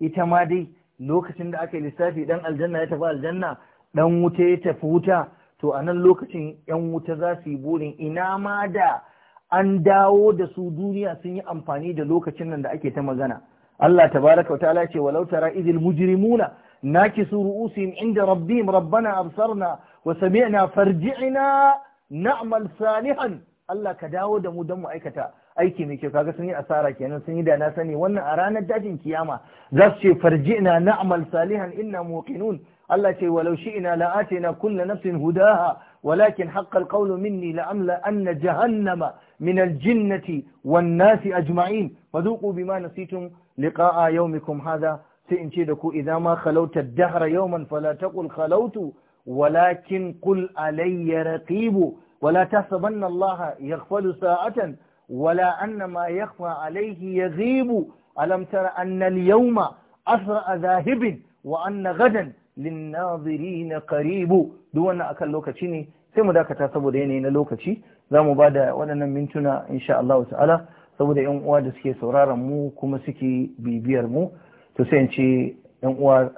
Speaker 2: إتمادي لوكة تندي أكي لسافي إذا الجنة يتفع الجنة لو متيت فوتا to a nan lokacin 'yan wuta za su yi burin ina ma da an dawo da su duniya sun yi amfani da lokacin nan da ake ta magana Allah tabaraka wa ta'ala ce walau tara idil mujrimuna nakisu ru'usihim inda rabbihim rabbana absarna wa sami'na farji'na na'mal salihan Allah ka dawo da mu don mu aikata aiki mai kyau kaga sun yi asara kenan sun yi da na sani wannan a ranar dajin kiyama za su ce farji'na na'mal salihan inna muqinun التي ولو شئنا لاتينا كل نفس هداها ولكن حق القول مني لأملا أن جهنم من الجنة والناس أجمعين فذوقوا بما نسيتم لقاء يومكم هذا سينشدك إذا ما خلوت الدهر يوما فلا تقل خلوت ولكن قل علي رقيب ولا تحسبن الله يغفل ساعة ولا أن ما يخفى عليه يغيب ألم تر أن اليوم أسرأ ذاهب وأن غدا na qaribu duk wannan akan lokaci ne sai mu dakata saboda yanayi na lokaci za mu ba waɗannan mintuna insha Allah ta'ala saboda yan uwa da suke sauraron mu kuma suke bibiyar mu to sai in ce yan uwa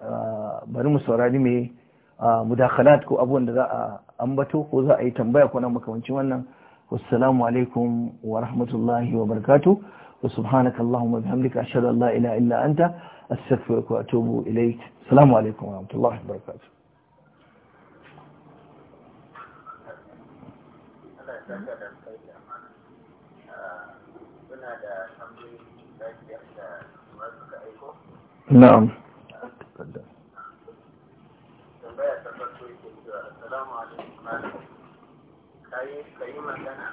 Speaker 2: bari mu saurari mai mudakalat ko abuwan da za a ambato ko za a yi tambaya ko na makamancin wannan assalamu alaikum wa rahmatullahi wa barakatuh وسبحانك اللهم وبحمدك أشهد أن لا إله إلا أنت أستغفرك وأتوب إليك السلام عليكم ورحمة الله وبركاته نعم ka yi magana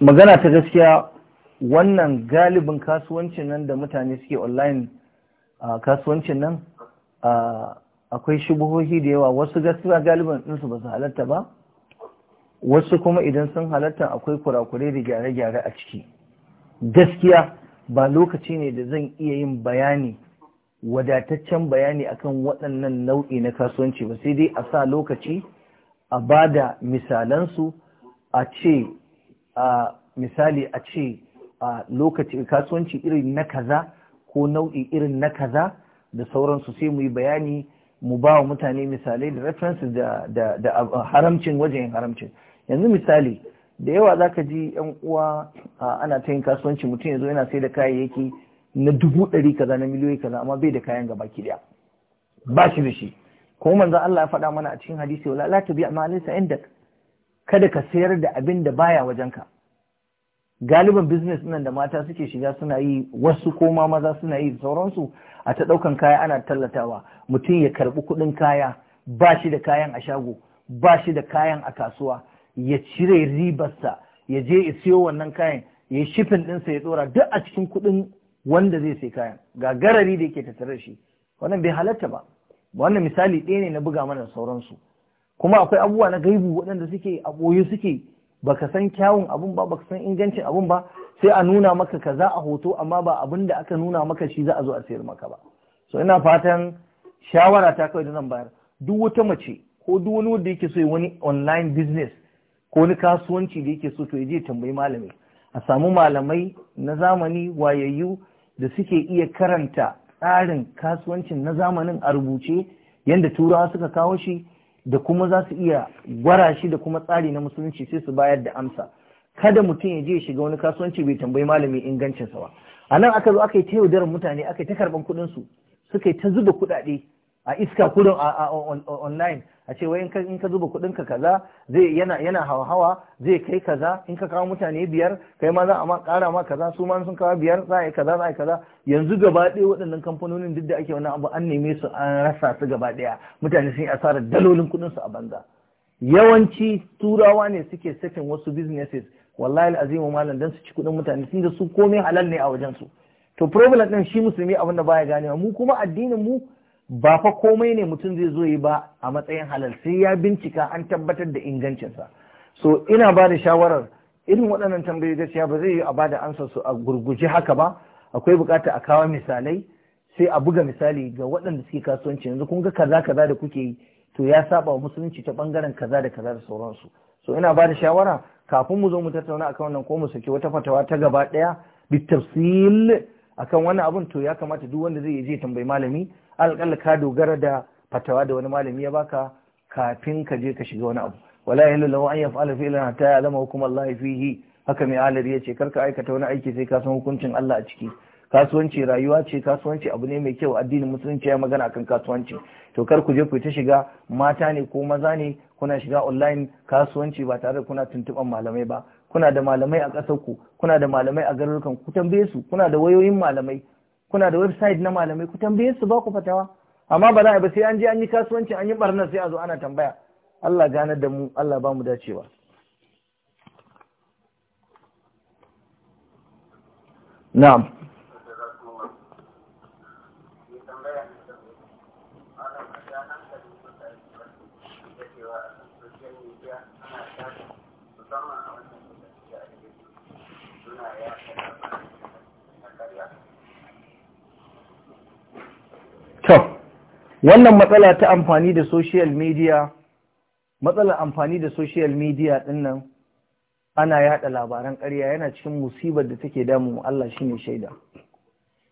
Speaker 2: magana ta gaskiya wannan galibin kasuwancin nan da mutane suke online a kasuwancin nan akwai shubuhohi da yawa wasu gaskiya galibin ɗinsu ba su halatta ba wasu kuma idan sun halatta akwai kurakurai da gyare-gyare a ciki gaskiya ba lokaci ne da zan iya yin bayani wadataccen bayani akan waɗannan nau'i na kasuwanci ba sai dai a sa lokaci a ba da misalansu a ce misali a ce a lokacin kasuwanci irin na kaza ko nau'i irin na kaza da sauransu sai mu yi bayani mu ba wa mutane misalai da references da haramcin wajen haramcin yanzu misali da yawa za ka ji yan uwa ana ta yin kasuwanci mutum ya zo yana sai da kayayyaki na dubu ɗari kaza na miliyoyi kaza amma bai da kayan gaba ki daya ba shi da shi kuma manzon Allah ya faɗa mana a cikin hadisi wala la tabi'a ma laysa indak kada ka sayar da abin da baya wajen ka. galiban business nan da mata suke shiga suna yi wasu koma maza suna yi sauransu a ta ɗaukan kaya ana tallatawa mutum ya karɓi kuɗin kaya ba shi da kayan a shago ba shi da kayan a kasuwa ya cire ribarsa ya je ya siyo wannan kayan ya yi shifin ɗinsa ya ɗora duk a cikin kuɗin wanda zai sai kayan ga garari da yake tattare shi wannan bai halatta ba wannan misali ɗaya ne na buga mana sauransu kuma akwai abubuwa na gaibu waɗanda suke a ɓoye suke baka san kyawun abun ba baka san ingancin abun ba sai a nuna maka kaza a hoto amma ba abin da aka nuna maka shi za a zo a sayar maka ba so ina fatan shawara ta kawai da zan bayar duk wata mace ko duk wani wanda yake so wani online business ko wani kasuwanci da yake so to ya je tambayi malami a samu malamai na zamani wayayyu da suke iya karanta tsarin kasuwancin na zamanin a rubuce yadda turawa suka kawo shi da kuma za su iya gwara shi da kuma tsari na musulunci sai su bayar da amsa kada mutum ya je ya shiga wani kasuwanci bai tambayi malami ingancinsa ba a nan aka zo aka yi ta yaudarar mutane aka yi ta karɓan kuɗinsu suka yi ta zuba kuɗaɗe a iska kudin a online a ce wai in ka zuba kudin ka kaza zai yana yana hawa zai kai kaza in ka kawo mutane biyar kai ma za a kara ma kaza su ma sun kawo biyar za a yi kaza za a yi kaza yanzu gaba ɗaya waɗannan kamfanonin duk da ake wani abu an neme su an rasa su gaba ɗaya mutane sun yi asarar dalolin kudin su a banza yawanci turawa ne suke sakin wasu businesses wallahi wa malam dan su ci kudin mutane sun da su komai halal ne a wajen su to problem din shi musulmi abin da baya ganewa mu kuma addinin mu ba fa komai ne mutum zai zo yi ba a matsayin halal sai ya bincika an tabbatar da ingancinsa so ina ba da shawarar irin waɗannan tambayi gaskiya ba zai yi a bada amsa su a gurguje haka ba akwai bukata a kawo misalai sai a buga misali ga waɗanda suke kasuwanci yanzu kun ga kaza kaza da kuke yi to ya saba wa musulunci ta bangaren kaza da kaza da sauransu so ina ba da shawara kafin mu zo mu tattauna akan wannan ko mu saki wata fatawa ta gaba ɗaya tafsil akan wani abun to ya kamata duk wanda zai je tambayi malami alƙalla ka dogara da fatawa da wani malami ya baka kafin ka je ka shiga wani abu wala yahillu lahu an yaf'ala fi'lan hatta ya'lama hukum Allah fihi haka mai alari yace ka aikata wani aiki sai ka san hukuncin Allah a ciki kasuwanci rayuwa ce kasuwanci abu ne mai kyau addinin musulunci ya magana akan kasuwanci to kar ku je ku ta shiga mata ne ko maza ne kuna shiga online kasuwanci ba tare da kuna tuntuban malamai ba kuna da malamai a ƙasar ku kuna da malamai a garurukan ku tambaye su kuna da wayoyin malamai kuna da website na malamai ku tambaye su ba ku fatawa amma ba za a ba sai an je an yi kasuwanci an yi barna sai a zo ana tambaya Allah gane da mu Allah ba mu dacewa na'am wannan matsala ta amfani da social media matsalar amfani da social media din nan ana yada labaran ƙarya yana cikin musibar da take damu Allah shine shaida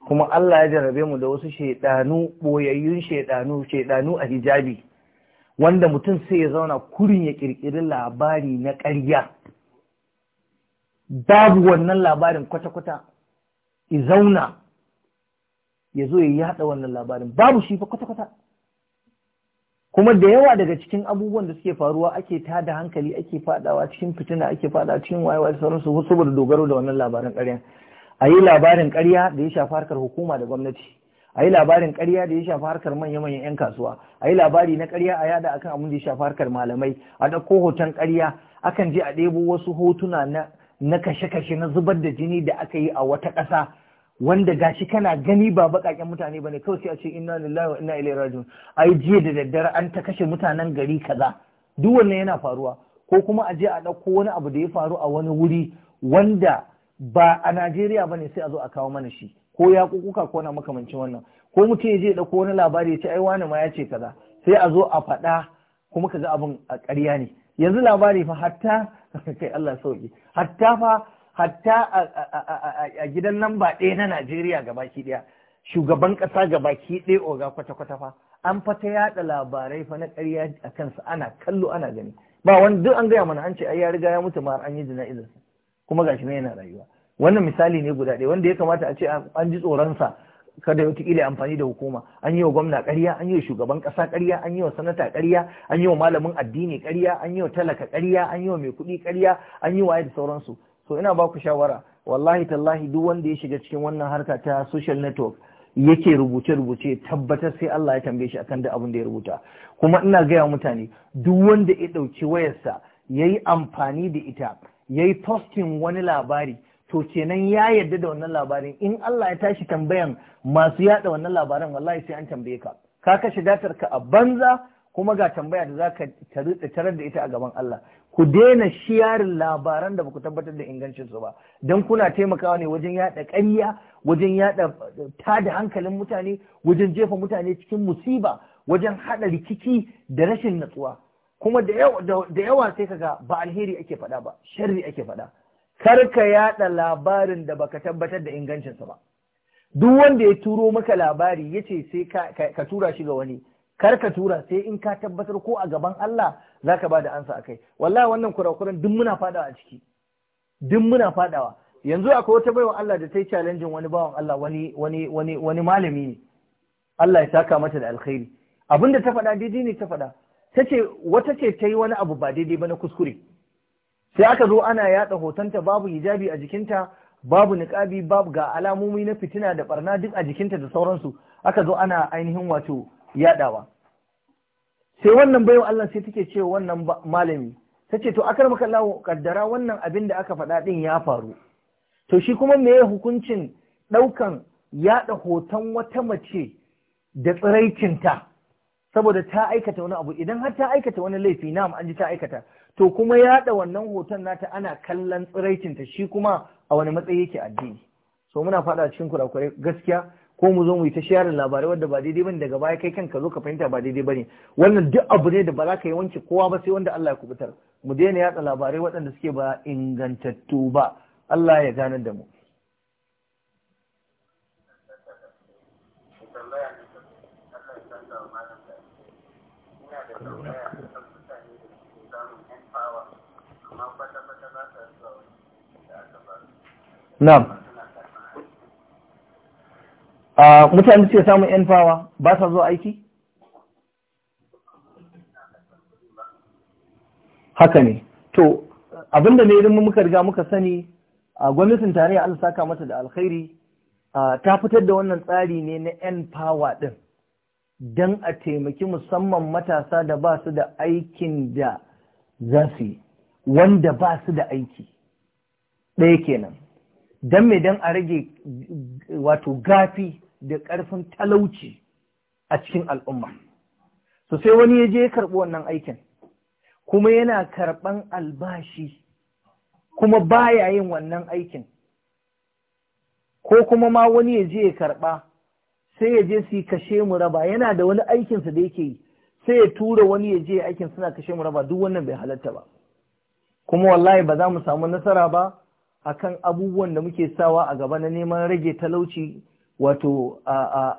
Speaker 2: kuma Allah ya jarabe mu da wasu shaidanu boyayyun shaidanu shaidanu a hijabi wanda mutum sai ya zauna kurin ya kirkiri labari na ƙarya babu wannan labarin kwata-kwata i zauna ya zo ya yada wannan labarin babu shi fa kwata-kwata kuma da yawa daga cikin abubuwan da suke faruwa ake ta da hankali ake fadawa cikin fitina ake fadawa cikin wayewa da sauransu saboda dogaro da wannan labarin ƙarya
Speaker 1: a yi labarin
Speaker 2: ƙarya da ya shafi harkar hukuma da gwamnati a yi labarin ƙarya da ya shafi harkar manya-manyan 'yan kasuwa a yi labari na ƙarya a yada akan abin da ya shafi harkar malamai a ɗauko hoton ƙarya akan je a ɗebo wasu hotuna na kashe-kashe na zubar da jini da aka yi a wata ƙasa wanda gashi kana gani ba baƙaƙen mutane bane kawai sai a ce inna lillahi wa inna ilaihi raji'un ai jiya da daddare an ta kashe mutanen gari kaza duk wannan yana faruwa ko kuma a je a ɗauko wani abu da ya faru a wani wuri wanda ba a Najeriya bane sai a zo a kawo mana shi ko ya kukuka ko na makamancin wannan ko mutum ya je ya ɗauko wani labari ya ce ai wani ma ya ce kaza sai a zo a faɗa kuma kaga abin a ƙarya ne yanzu labari fa hatta kai Allah sauki hatta fa hatta a gidan lamba ɗaya na Najeriya ga baki ɗaya shugaban ƙasa ga baki ɗaya oga kwata-kwata fa an fata yaɗa labarai fa na ƙarya a kansa ana kallo ana gani ba wani duk an gaya mana an ce ai ya riga ya mutu ma an yi jana'izar kuma gashi ne yana rayuwa wannan misali ne guda ɗaya wanda ya kamata a ce an ji tsoronsa kada wataƙila amfani da hukuma an yi wa gwamna ƙarya an yi wa shugaban ƙasa ƙarya an yi wa sanata ƙarya an yi wa malamin addini ƙarya an yi wa talaka ƙarya an yi wa mai kuɗi ƙarya an yi wa da sauransu so ina ba ku shawara wallahi tallahi duk wanda ya shiga cikin wannan harka ta social network yake rubuce-rubuce tabbatar sai Allah ya tambaye shi akan da abin da ya rubuta kuma ina gaya mutane duk wanda ya ɗauki wayarsa ya yi amfani da ita ya yi postin wani labari to kenan ya yarda da wannan labarin in Allah ya tashi tambayan masu yada wannan labarin wallahi sai an tambaye ka ka kashe datar ka a banza kuma ga tambaya da zaka tarar da ita a gaban Allah ku daina shiyarin labaran da baku tabbatar da ingancinsu ba dan kuna taimakawa ne wajen yada ƙarya wajen yada eh, tada hankalin mutane wajen jefa mutane cikin musiba wajen hada rikici da rashin natsuwa kuma da yawa sai kaga ba alheri ake faɗa ba sharri ake faɗa kar ka yada labarin da baka tabbatar da ingancinsa ba duk wanda ya turo maka labari yace sai ka tura shi ga wani kar ka tura sai in ka tabbatar ko a gaban Allah za ka ba da ansa akai wallahi wannan kurakuran duk muna fadawa a ciki duk muna fadawa yanzu akwai wata baiwa Allah da ta yi challenging wani bawan Allah wani wani wani wani malami ne Allah ya saka mata da alkhairi abinda ta faɗa daidai ne ta faɗa tace wata ce ta yi wani abu ba daidai ba na kuskure sai aka zo ana yaɗa hotonta babu hijabi a jikinta babu niƙabi babu ga alamomi na fitina da barna duk a jikinta da sauransu aka zo ana ainihin wato yadawa sai wannan bayan Allah sai take cewa wannan malami ta to akar maka Allah kaddara wannan abin da aka faɗa din ya faru to shi kuma me hukuncin ɗaukan yaɗa hoton wata mace da tsiraicinta saboda ta aikata wani abu idan har ta aikata wani laifi na an ji ta aikata to kuma yaɗa wannan hoton nata ana kallon tsiraicinta shi kuma a wani matsayi yake addini so muna faɗa cikin kurakurai gaskiya ko mu zo mu yi ta share labarai wanda ba daidai bane daga baya kai ka zo ka fahimta ba daidai bane wannan duk abu ne da ba za ka yi wanke kowa ba sai wanda Allah ya kubutar mu daina yatsa labarai waɗanda suke ba ingantattu ba Allah ya ganar da mu Na'am. mutane suke samun yan fawa ba sa zuwa aiki haka ne to abinda ne irin muka riga muka sani a gwamnatin tarayya Allah saka mata da alkhairi ta fitar da wannan tsari ne na yan fawa ɗin, don a taimaki musamman matasa da ba su da aikin da za su yi wanda ba su da aiki ɗaya kenan don me don a rage wato gafi da ƙarfin talauci a cikin al'umma. So sai wani ya je ya karɓi wannan aikin, kuma yana karɓan albashi, kuma baya yin wannan aikin, ko kuma ma wani ya je ya karɓa, sai ya je su kashe mu raba, yana da wani aikinsa da yake yi, sai ya tura wani ya je aikin suna kashe mu raba duk wannan bai halatta ba. Kuma wallahi ba za mu samu nasara ba akan abubuwan da muke sawa a gaba na neman rage talauci wato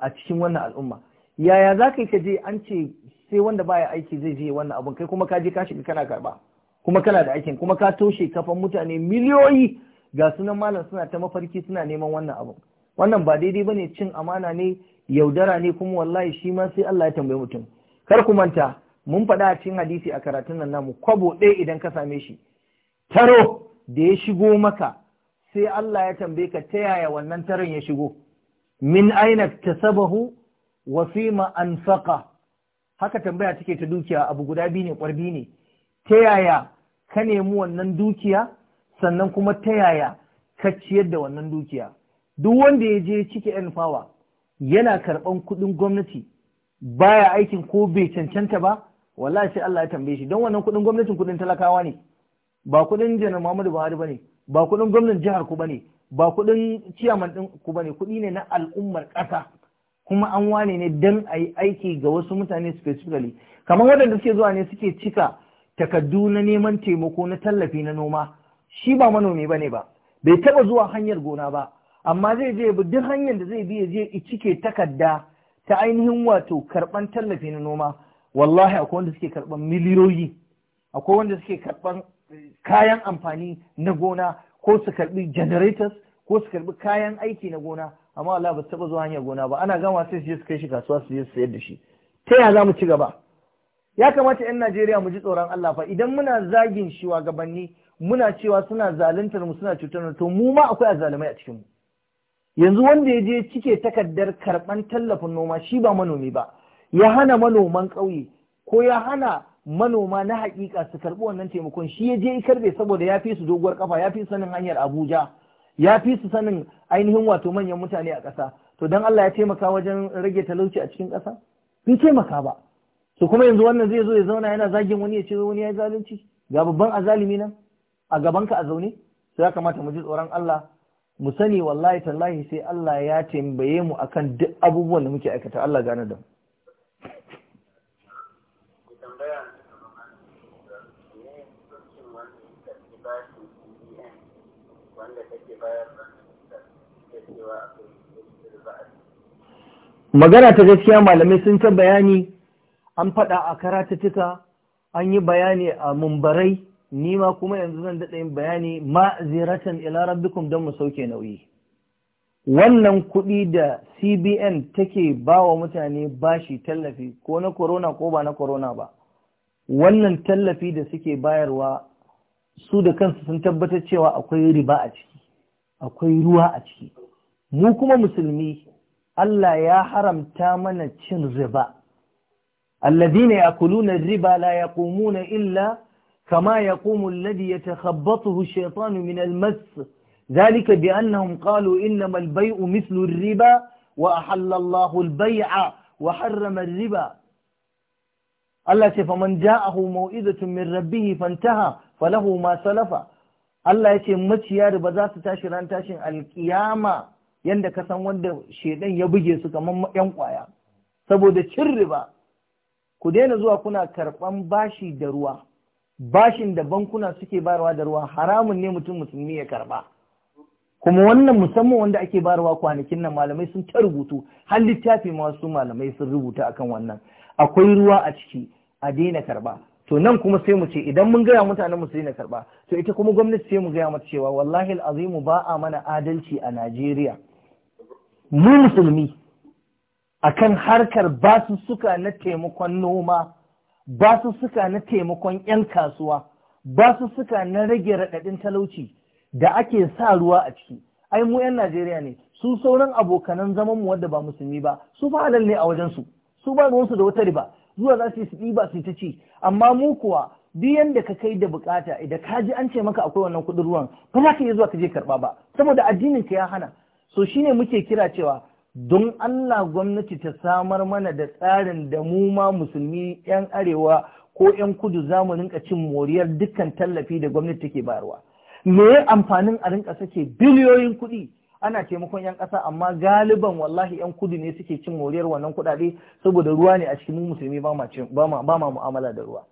Speaker 2: a cikin wannan al'umma yaya za ka yi ka je an ce sai wanda baya aiki zai je wannan abun kai kuma ka je ka shiga kana karba kuma kana da aikin kuma ka toshe kafan mutane miliyoyi ga sunan malam suna ta mafarki suna neman wannan abun wannan ba daidai bane cin amana ne yaudara ne kuma wallahi shi ma sai Allah ya tambaye mutum kar ku manta mun faɗa a cikin hadisi a karatun nan namu kwabo ɗaya idan ka same shi taro da ya shigo maka sai Allah ya tambaye ka ta yaya wannan taron ya shigo min aina tasabahu wa fima anfaqa haka tambaya take ta dukiya abu guda biyu ne kwarbi ne ta yaya ka nemi wannan dukiya sannan kuma ta yaya ka ciyar da wannan dukiya duk wanda ya je cike yan fawa yana karɓan kuɗin gwamnati baya aikin ko bai cancanta ba wallahi sai Allah ya tambaye shi don wannan kuɗin gwamnatin kuɗin talakawa ne ba kuɗin janar Muhammadu Buhari bane ba kuɗin gwamnan jihar ku bane ba kuɗin ciyaman ɗin ku bane kuɗi ne na al'ummar ƙasa kuma an wane ne don a yi aiki ga wasu mutane specifically kamar waɗanda suke zuwa ne suke cika takardu na neman taimako na tallafi na noma shi ba manomi ba ne ba bai taɓa zuwa hanyar gona ba amma zai je bi duk hanyar da zai bi ya je cike takarda ta ainihin wato karɓan tallafi na noma wallahi akwai wanda suke karɓan miliyoyi akwai wanda suke karɓan kayan amfani na gona ko su karbi generators ko su karbi kayan aiki na gona amma Allah ba taba zuwa hanyar gona ba ana gama sai su je su kai shi kasuwa su je su sayar da shi ta yaya za mu ci gaba ya kamata 'yan Najeriya mu ji tsoron Allah fa idan muna zagin gabanni, muna cewa suna zaluntar mu suna cutar mu to mu ma akwai azalumai a cikin mu yanzu wanda ya je cike takardar karban tallafin noma shi ba manomi ba ya hana manoman ƙauye ko ya hana manoma na hakika su karbi wannan taimakon shi ya je karbe saboda ya fi su doguwar kafa ya fi su sanin hanyar Abuja ya fi su sanin ainihin wato manyan mutane a ƙasa to dan Allah ya taimaka wajen rage talauci a cikin ƙasa bai taimaka ba to kuma yanzu wannan zai zo ya zauna yana zagin wani ya ce wani ya zalunci ga babban azalimi nan a gabanka a zaune Sai ya kamata mu ji tsoron Allah mu sani wallahi tallahi sai Allah ya tambaye mu akan duk abubuwan da muke aikata Allah gane da mu magana ta gaskiya malamai sun ta bayani an faɗa a karatattuka an yi bayani a mumbarai nima kuma yanzu zan daɗa yin bayani ma'aziratan ila rabbikum don mu sauke nauyi wannan kuɗi da cbn take ba wa mutane bashi tallafi ko na corona ko ba na corona ba wannan tallafi da suke bayarwa su da kansu sun tabbatar cewa akwai riba a ciki akwai ruwa a ciki mu kuma musulmi Allah ya haramta mana cin riba alladhina yakuluna riba la yaqumuna illa kama yaqumu alladhi yatakhabbathu ash-shaytanu min al-mass ذلك بأنهم قالوا إنما البيع مثل الربا وأحل الله البيع وحرم الربا Allah ce faman ja'ahu mau'izatun min rabbih fantaha falahu ma salafa Allah ya ce maciya ba za su tashi ran tashin alkiyama yadda ka san wanda shaidan ya buge su kamar yan kwaya saboda cin riba ku daina zuwa kuna karɓan bashi da ruwa bashin da bankuna suke bayarwa da ruwa haramun ne mutum musulmi ya karɓa. kuma wannan musamman wanda ake bayarwa kwanakin nan malamai sun ta rubutu har littafi ma wasu malamai sun rubuta akan wannan akwai ruwa a ciki a daina karɓa. to nan kuma sai mu ce idan mun gaya mutanen mu na karba to ita kuma gwamnati sai mu gaya mata cewa wallahi al'azimu ba a mana adalci a Najeriya mu musulmi akan harkar basussuka na taimakon noma basussuka na taimakon 'yan kasuwa basussuka na rage raɗaɗin talauci da ake sa ruwa a ciki ai mu 'yan Najeriya ne su sauran abokanan zaman mu wanda ba musulmi ba su ba halal ne a wajen su su ba ruwansu da wata riba zuwa za su yi su ɗiba su ta ci amma mu kuwa duk yanda ka kai da bukata idan ka ji an ce maka akwai wannan kuɗin ruwan ba za ka iya zuwa ka je karɓa ba saboda addinin ka ya hana so shine muke kira cewa don Allah gwamnati ta samar mana da tsarin da mu ma musulmi 'yan arewa ko 'yan kudu za mu rinka cin moriyar dukkan tallafi da gwamnati take bayarwa me amfanin a rinka sake biliyoyin kuɗi ana taimakon 'yan ƙasa amma galiban wallahi 'yan kudu ne suke cin moriyar wannan kuɗaɗe saboda ruwa ne a cikin mu musulmi ba ma mu'amala da ruwa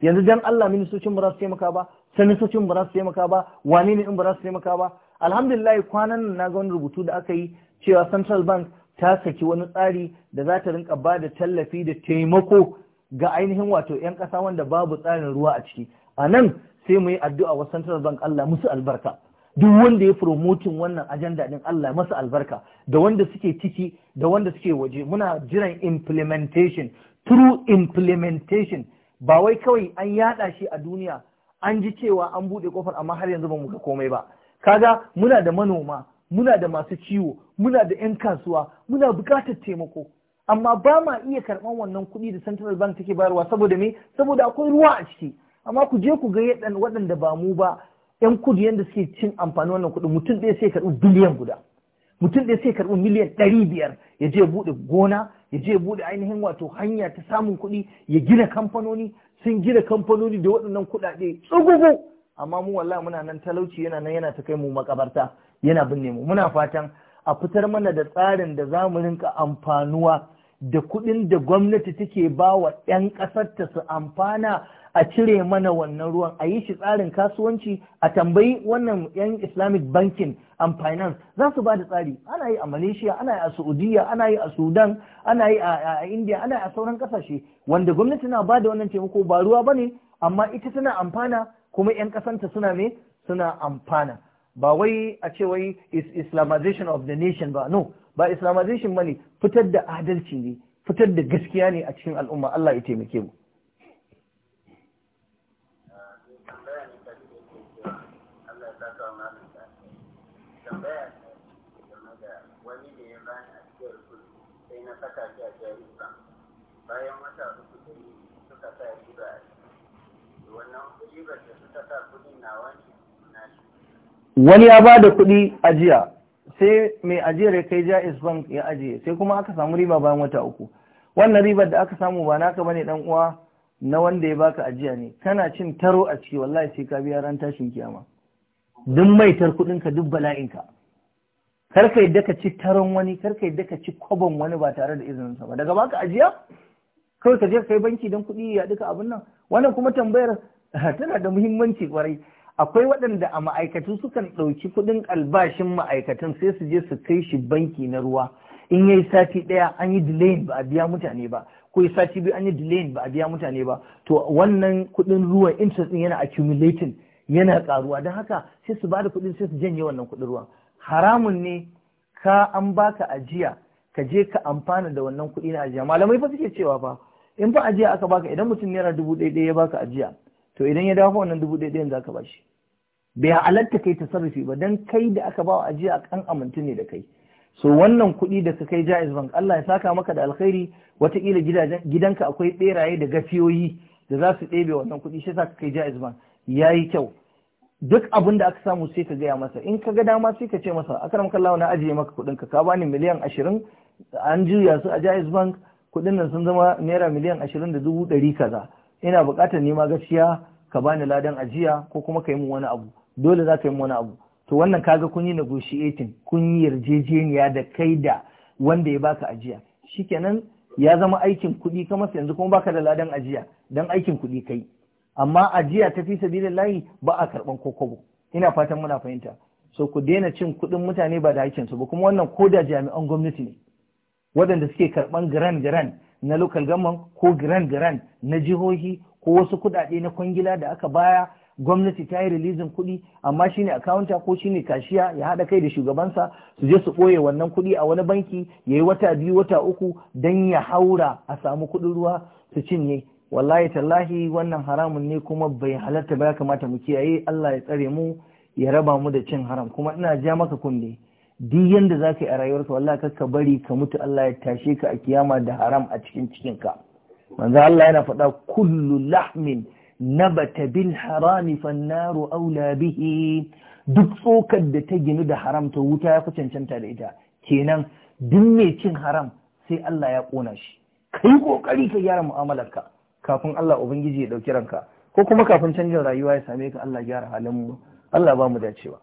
Speaker 2: yanzu dan Allah ministocin ba su taimaka ba sanatocin ba su taimaka ba wane ne in ba su taimaka ba alhamdulillah kwanan nan na ga wani rubutu da aka yi cewa central bank ta saki wani tsari da za ta rinka ba da tallafi da taimako ga ainihin wato 'yan ƙasa wanda babu tsarin ruwa a ciki a nan sai mu yi addu'a wa central bank Allah musu albarka duk wanda ya promoting wannan ajanda din Allah ya masa albarka da wanda suke ciki da wanda suke waje muna jiran implementation true implementation ba wai kawai an yada shi a duniya an ji cewa an bude kofar amma har yanzu ba mu ga komai ba kaga muna da manoma muna da masu ciwo muna da 'yan kasuwa muna buƙatar taimako amma ba ma iya karɓan wannan kuɗi da central bank take bayarwa saboda me saboda akwai ruwa a ciki amma ku je ku ga waɗanda ba mu ba 'yan kudu yadda suke cin amfani wannan kuɗi, mutum ɗaya sai karɓi biliyan guda mutum ɗaya sai karɓi miliyan ɗari biyar ya je buɗe gona ya je buɗe ainihin wato hanya ta samun kuɗi ya gina kamfanoni sun gina kamfanoni da waɗannan kuɗaɗe tsugugu amma mu wallahi muna nan talauci yana nan yana ta kai mu makabarta yana binne mu muna fatan a fitar mana da tsarin da za mu rinka amfanuwa da kuɗin da gwamnati take ba wa 'yan ƙasarta su amfana a cire mana wannan ruwan a yi shi tsarin kasuwanci a tambayi wannan yan islamic banking and finance za su ba da tsari ana yi a malaysia ana yi a saudiya ana yi a sudan ana yi a india ana yi a sauran kasashe wanda gwamnati na ba da wannan taimako ba ruwa ba ne amma ita tana amfana kuma yan kasanta suna ne suna amfana ba wai a ce wai is islamization of the nation ba no ba islamization ba ne fitar da adalci ne fitar da gaskiya ne a cikin al'umma Allah ya taimake mu
Speaker 1: bayan wata uku da yi suka sa riba a ciki wannan ribar da suka sa kuɗi na wani
Speaker 2: na wani ya ba da kuɗi ajiya sai mai ajiyar ya kai jais bank ya ajiye sai kuma aka samu riba bayan wata uku wannan ribar da aka samu ba naka bane dan uwa na wanda ya baka ajiya ne kana cin taro a ciki wallahi sai ka biya ran tashin kiyama duk maitar kuɗin ka duk bala'in ka kar ka yadda ka ci taron wani kar ka yadda ka ci kwabon wani ba tare da izinin sa ba daga baka ajiya kawai ka je kai banki don kuɗi ya duka abin nan wannan kuma tambayar tana da muhimmanci kwarai akwai waɗanda a ma'aikatu sukan ɗauki kuɗin albashin ma'aikatan sai su je su kai shi banki na ruwa in yayi sati ɗaya an yi dilayin ba a biya mutane ba ko yi sati biyu an yi dilayin ba a biya mutane ba to wannan kuɗin ruwa, interest ɗin yana accumulating yana ƙaruwa don haka sai su bada kuɗin sai su janye wannan kuɗin ruwa haramun ne ka an baka ajiya ka je ka amfana da wannan kuɗi na ajiya malamai ba suke cewa ba in fa ajiya aka baka idan mutum naira dubu ɗaya ɗaya ya baka ajiya to idan ya dawo wannan dubu ɗaya ɗayan za ka shi bai halatta kai ta sarrafi ba dan kai da aka bawa ajiya an amintu ne da kai so wannan kuɗi da ka kai jaiz bank Allah ya saka maka da alkhairi watakila gidanka akwai beraye da gafiyoyi da za su ɗebe wannan kuɗi shi sa ka kai jaiz bank ya yi kyau duk abin da aka samu sai ka gaya masa in ka ga dama sai ka ce masa ka lawa na ajiye maka kuɗinka, ka ka bani miliyan ashirin an juya su a jaiz bank kuɗin nan sun zama naira miliyan ashirin da dubu ɗari kaza ina buƙatar nema gaskiya ka bani ladan ajiya ko kuma ka yi min wani abu dole za ka yi min wani abu to wannan kaga kun yi negotiating kun yi yarjejeniya da kai da wanda ya baka ajiya shikenan ya zama aikin kuɗi ka masa yanzu kuma baka da ladan ajiya dan aikin kuɗi kai amma ajiya ta fi sabilillahi ba a karɓan kokobo ina fatan muna fahimta so ku daina cin kuɗin mutane ba da hakkin ba kuma wannan ko da jami'an gwamnati ne waɗanda suke karɓan grand grand na local government ko grand grand na jihohi ko wasu kuɗaɗe na kwangila da aka baya gwamnati ta yi releasing kuɗi amma shine akawunta ko shine kashiya ya haɗa kai da shugabansa su je su ɓoye wannan kuɗi a wani banki ya yi wata biyu wata uku don ya haura a samu kuɗin ruwa su cinye wallahi tallahi wannan haramun ne kuma bai halatta ba ya kamata mu kiyaye Allah ya tsare mu ya raba mu da cin haram kuma ina ja maka kunne duk yanda za ka yi a rayuwarka wallahi kar ka bari ka mutu Allah ya tashe ka a kiyama da haram a cikin cikin ka manzo Allah yana faɗa kullu lahmin nabata bil harami fannaru aula bihi duk tsokar da ta ginu da haram to wuta ya fi cancanta da ita kenan duk mai cin haram sai Allah ya kona shi kai kokari ka gyara mu'amalar ka kafin Allah ubangiji ya dauki ranka ko kuma kafin canjin rayuwa ya same ka Allah gyara halin mu Allah ba mu dacewa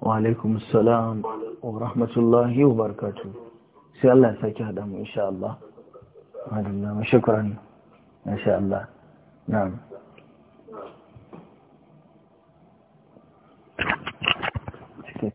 Speaker 2: wa alaikum salam wa rahmatullahi wa barkatu sai Allah ya saki haɗa mu insha Allah. Madalla, mashakuran, insha Allah. Na'am.